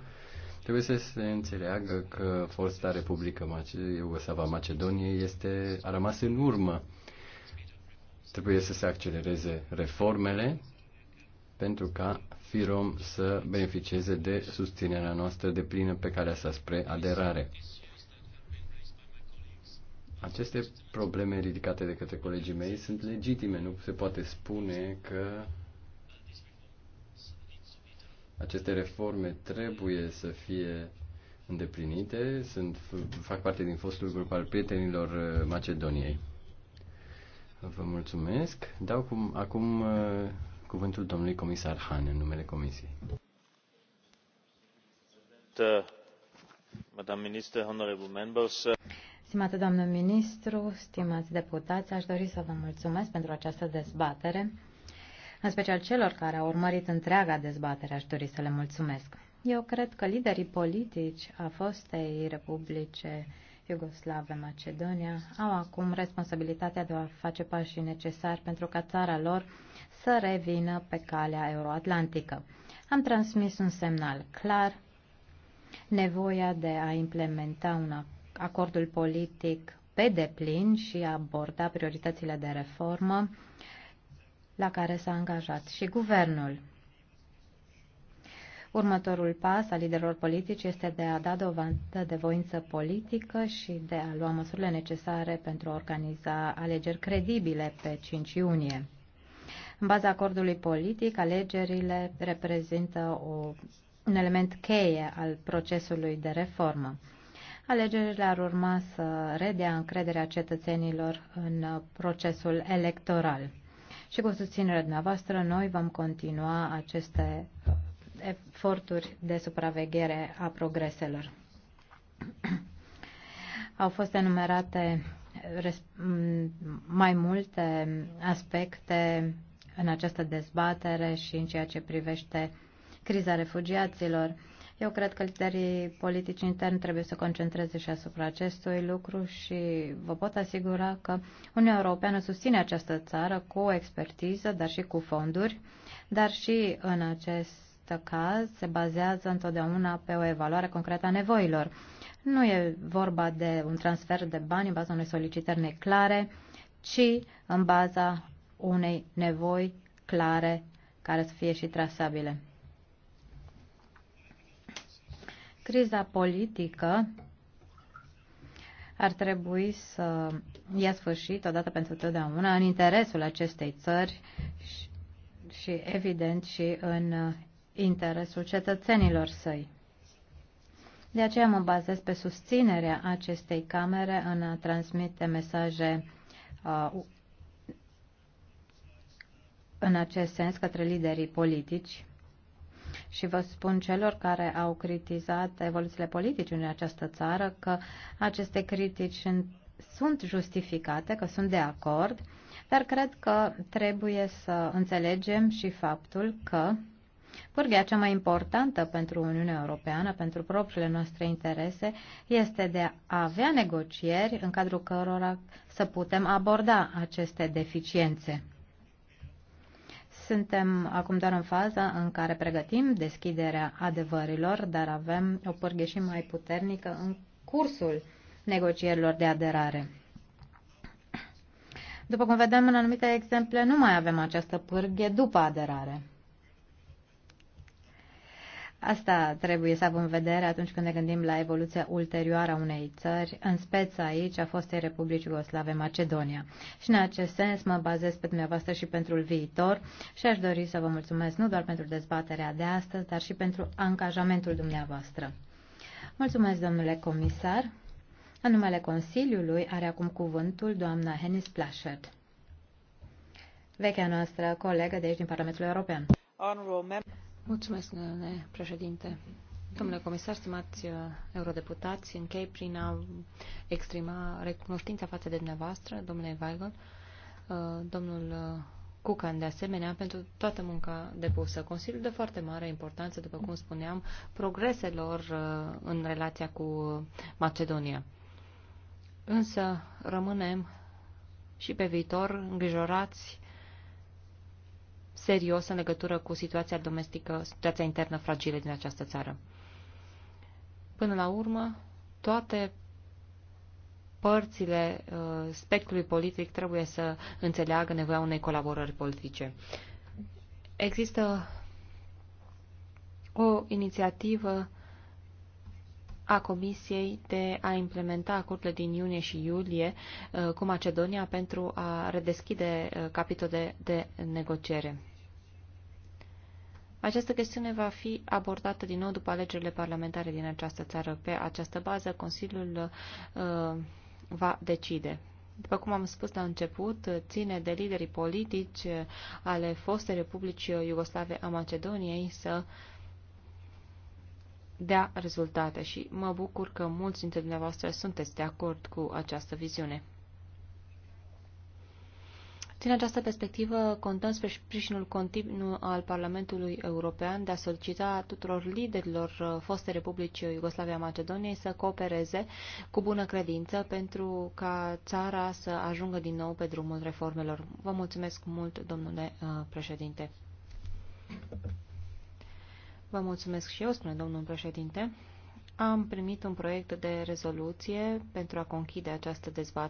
Trebuie să se înțeleagă că forța Republică Iugoslava Macedoniei este, a rămas în urmă. Trebuie să se accelereze reformele pentru ca Firom să beneficieze de susținerea noastră de plină pe calea sa spre aderare. Aceste probleme ridicate de către colegii mei sunt legitime. Nu se poate spune că aceste reforme trebuie să fie îndeplinite. Sunt, fac parte din fostul grup al prietenilor uh, Macedoniei. Vă mulțumesc. Dau cum, acum uh, cuvântul domnului comisar Han în numele Comisiei. Uh, Stimată doamnă ministru, stimați deputați, aș dori să vă mulțumesc pentru această dezbatere. În special celor care au urmărit întreaga dezbatere, aș dori să le mulțumesc. Eu cred că liderii politici a fostei Republice Iugoslave Macedonia au acum responsabilitatea de a face pașii necesari pentru ca țara lor să revină pe calea euroatlantică. Am transmis un semnal clar, nevoia de a implementa un acordul politic pe deplin și a aborda prioritățile de reformă la care s-a angajat și guvernul. Următorul pas al liderilor politici este de a da dovadă de voință politică și de a lua măsurile necesare pentru a organiza alegeri credibile pe 5 iunie. În baza acordului politic, alegerile reprezintă o, un element cheie al procesului de reformă. Alegerile ar urma să redea încrederea cetățenilor în procesul electoral. Și cu susținerea dumneavoastră, noi vom continua aceste uh, eforturi de supraveghere a progreselor. Au fost enumerate uh, mm, mai multe aspecte în această dezbatere și în ceea ce privește criza refugiaților. Eu cred că liderii politici interni trebuie să concentreze și asupra acestui lucru și vă pot asigura că Uniunea Europeană susține această țară cu expertiză, dar și cu fonduri, dar și în acest caz se bazează întotdeauna pe o evaluare concretă a nevoilor. Nu e vorba de un transfer de bani în baza unei solicitări neclare, ci în baza unei nevoi clare care să fie și trasabile. Criza politică ar trebui să ia sfârșit odată pentru totdeauna în interesul acestei țări și, și evident și în interesul cetățenilor săi. De aceea mă bazez pe susținerea acestei camere în a transmite mesaje uh, în acest sens către liderii politici și vă spun celor care au criticat evoluțiile politice în această țară că aceste critici sunt justificate, că sunt de acord, dar cred că trebuie să înțelegem și faptul că pârghia cea mai importantă pentru Uniunea Europeană, pentru propriile noastre interese, este de a avea negocieri în cadrul cărora să putem aborda aceste deficiențe. Suntem acum doar în faza în care pregătim deschiderea adevărilor, dar avem o pârghie și mai puternică în cursul negocierilor de aderare. După cum vedem în anumite exemple, nu mai avem această pârghie după aderare. Asta trebuie să avem în vedere atunci când ne gândim la evoluția ulterioară a unei țări, în speță aici a fost Republicii Iugoslave Macedonia. Și în acest sens mă bazez pe dumneavoastră și pentru viitor și aș dori să vă mulțumesc nu doar pentru dezbaterea de astăzi, dar și pentru angajamentul dumneavoastră. Mulțumesc, domnule comisar. În numele Consiliului are acum cuvântul doamna Hennis Plashert, vechea noastră colegă de aici din Parlamentul European. Mulțumesc, domnule președinte. Domnule comisar, stimați uh, eurodeputați, închei prin a exprima recunoștința față de dumneavoastră, domnule Weigel, uh, domnul Cucan, uh, de asemenea, pentru toată munca depusă. Consiliul de foarte mare importanță, după cum spuneam, progreselor în relația cu Macedonia. Însă rămânem și pe viitor îngrijorați serios în legătură cu situația domestică, situația internă fragilă din această țară. Până la urmă, toate părțile uh, spectrului politic trebuie să înțeleagă nevoia unei colaborări politice. Există o inițiativă a Comisiei de a implementa acordurile din iunie și iulie uh, cu Macedonia pentru a redeschide uh, capitole de, de negociere. Această chestiune va fi abordată din nou după alegerile parlamentare din această țară. Pe această bază, Consiliul uh, va decide. După cum am spus la început, ține de liderii politici ale fostei Republicii Iugoslave a Macedoniei să dea rezultate și mă bucur că mulți dintre dumneavoastră sunteți de acord cu această viziune. Din această perspectivă, contăm spre sprijinul continuu al Parlamentului European de a solicita tuturor liderilor uh, foste Republici Iugoslavia Macedoniei să coopereze cu bună credință pentru ca țara să ajungă din nou pe drumul reformelor. Vă mulțumesc mult, domnule uh, președinte. Vă mulțumesc și eu, spune domnul președinte. Am primit un proiect de rezoluție pentru a conchide această dezbatere.